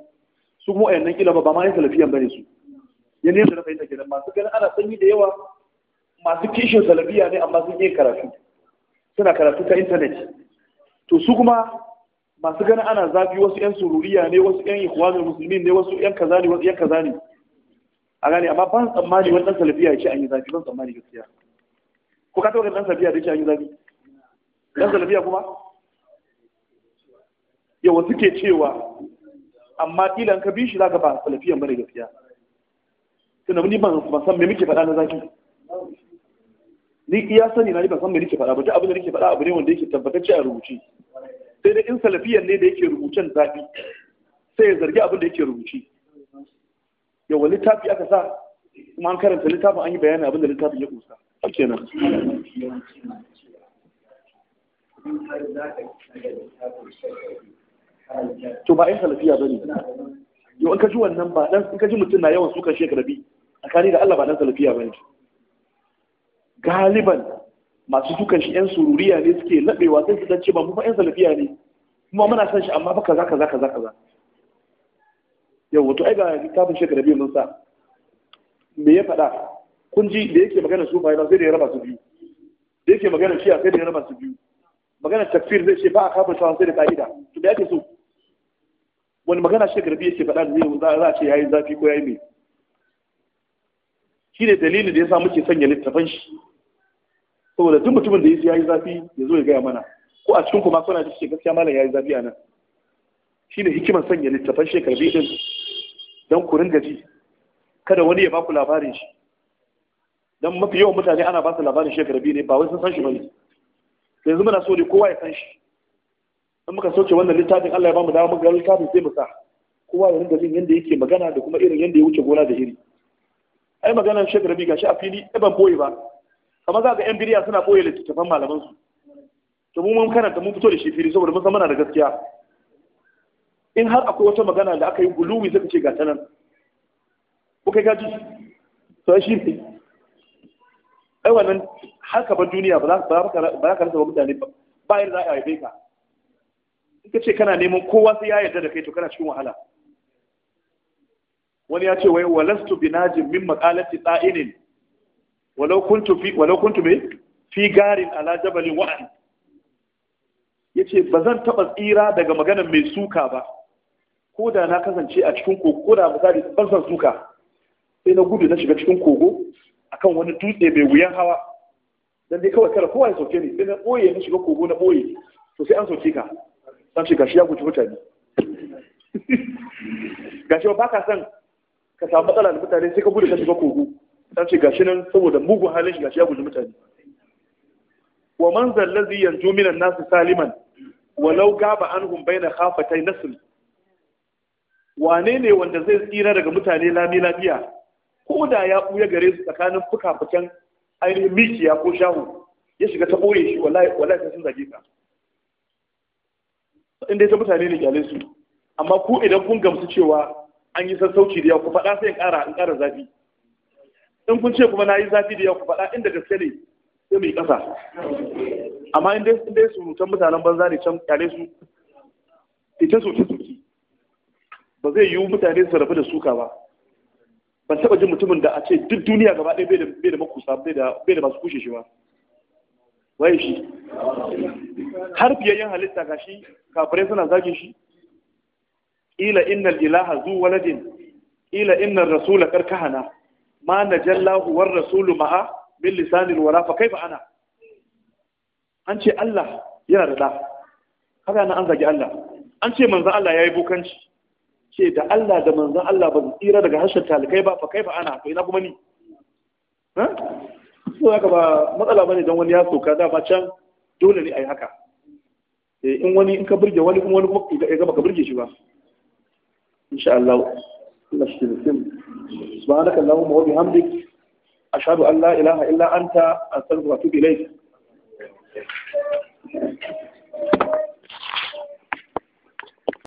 su kuma yannan kila ba ba ma yin salafiyan bane su yanayin da na fahimta kenan masu ganin ana sanyi da yawa masu kishin salafiya ne amma sun yi karatu suna karatu ta intanet to su kuma masu gani ana zafi wasu 'yan sururiya ne wasu 'yan ikhwanul musulmin ne wasu 'yan kaza ne wasu 'yan kaza ne a gane amma ban tsammani wani dan salafiya ya ce an yi zafi ban tsammani gaskiya ko ka taɓa dan salafiya da ce an yi zafi dan salafiya kuma yawa suke cewa amma kila ka bi shi ka ba salafiyan bane gaskiya tunda ni ban san me muke faɗa na zafi ni iya sani na ban san me nake faɗa ba duk abin da nake faɗa abu ne wanda yake tabbatacce a rubuce sai dai in salafiyan ne da yake rubucen zafi sai ya zargi abin da yake rubuce yawa littafi aka sa kuma an karanta littafin an yi bayanin abin da littafin ya kusa kenan to ba in salafiya ba ne yau in ka ji wannan ba dan in ka ji mutum na yawan sukan shekarabi a kare da Allah ba dan salafiya ba ne galiban masu dukan shi yan sururiya ne suke labewa sai su dace ba mu fa yan salafiya ne kuma muna san shi amma fa kaza kaza kaza kaza yau wato ai ga littafin shekara biyu mun sa me ya faɗa kun ji da yake magana su bai sai da ya raba su biyu da yake magana shi sai da ya raba su biyu magana tafsir zai ce ba a kafin shawan sai da ka'ida to da yake so wani magana shekara biyu yake faɗa da zai za a ce yayi zafi ko yayi me shi ne dalilin da ya sa muke sanya littafan shi saboda duk mutumin da ya yi zafi ya zo ya gaya mana ko a cikin kuma kuna cikin gaskiya malam ya yi zafi a nan shi ne hikimar sanya littafan biyu din don ku ringa ji kada wani ya baku labarin shi don mafi yawan mutane ana ba su labarin biyu ne ba wai sun san shi bane yanzu muna so ne kowa ya san shi in muka soke wannan littafin Allah ya bamu dama muka littafin sai mu sa kowa ya rinka jin yadda yake magana da kuma irin yadda ya wuce gona da iri ai maganar biyu gashi a fili ban boye ba kamar za ga yan biriya suna ɓoye littattafan malamansu to mu mun karanta mun fito da shi fili saboda mun san muna da gaskiya in har akwai wata magana da aka yi guluwi zaka ce ga ta nan ko kai gaji to shi ne ai wannan har ka bar duniya ba za ka rasa wa mutane ba ba yadda za a ka in ka ce kana neman kowa sai ya yarda da kai to kana cikin wahala wani ya ce wai walastu binajin min maqalati tsa'inin walau kuntu fi walau kuntu me fi garin ala jabalin wa'an yace bazan taba tsira daga maganar mai suka ba ko da na kasance a cikin kogo ko da misali balsan suka sai na gudu na shiga cikin kogo akan wani dutse mai wuyan hawa dan dai kawai kada kowa ya soke ni sai na boye na shiga kogo na boye to sai an soke ka san ce gashi ya guji mutane gashi ba ka san ka samu matsala da mutane sai ka gudu ka shiga kogo ta ce gashi nan saboda mugun halin shi gashi ya guji mutane wa man zallazi yanzu minan nasu saliman walau gaba an anhum na khafatai nasl wane ne wanda zai tsira daga mutane lami lafiya ko da ya buya gare su tsakanin fuka-fukan ainihin mikiya ko shahu ya shiga ta ɓoye shi wallahi sai sun zage ka in dai ta mutane ne kyale su amma ku idan kun gamsu cewa an yi sassauci da yawa ku faɗa sai in ƙara in ƙara zafi in kun ce kuma na yi zafi da yau ku faɗa inda gaske ne sai mu yi ƙasa amma in dai dai mutan mutanen banza ne can kyale su ita soke soke ba zai yiwu mutane su rabu da suka ba ban taɓa jin mutumin da a ce duk duniya gaba ɗaya bai da makusa bai da masu kushe shi ba waye shi har biyayyen halitta ga shi kafirai suna zagin shi ila innal ilaha zu waladin ila innar rasula karkahana ma najallahu war rasulu ma'a min lisanil wara fa kaifa ana an ce Allah yana da da haka na an zagi Allah an ce manzon Allah yayi bukanci ce da Allah da manzon Allah ba tsira daga harshen talikai ba fa kaifa ana to ina kuma ni ha so haka ba matsala bane dan wani ya soka da ba can dole ne yi haka eh, in wani in ka burge wani kuma wani kuma ka ga burge shi ba insha Allah Allah shi da sim subhanaka allahumma ashadu bihamdik ilaha illa anta astaghfiruka wa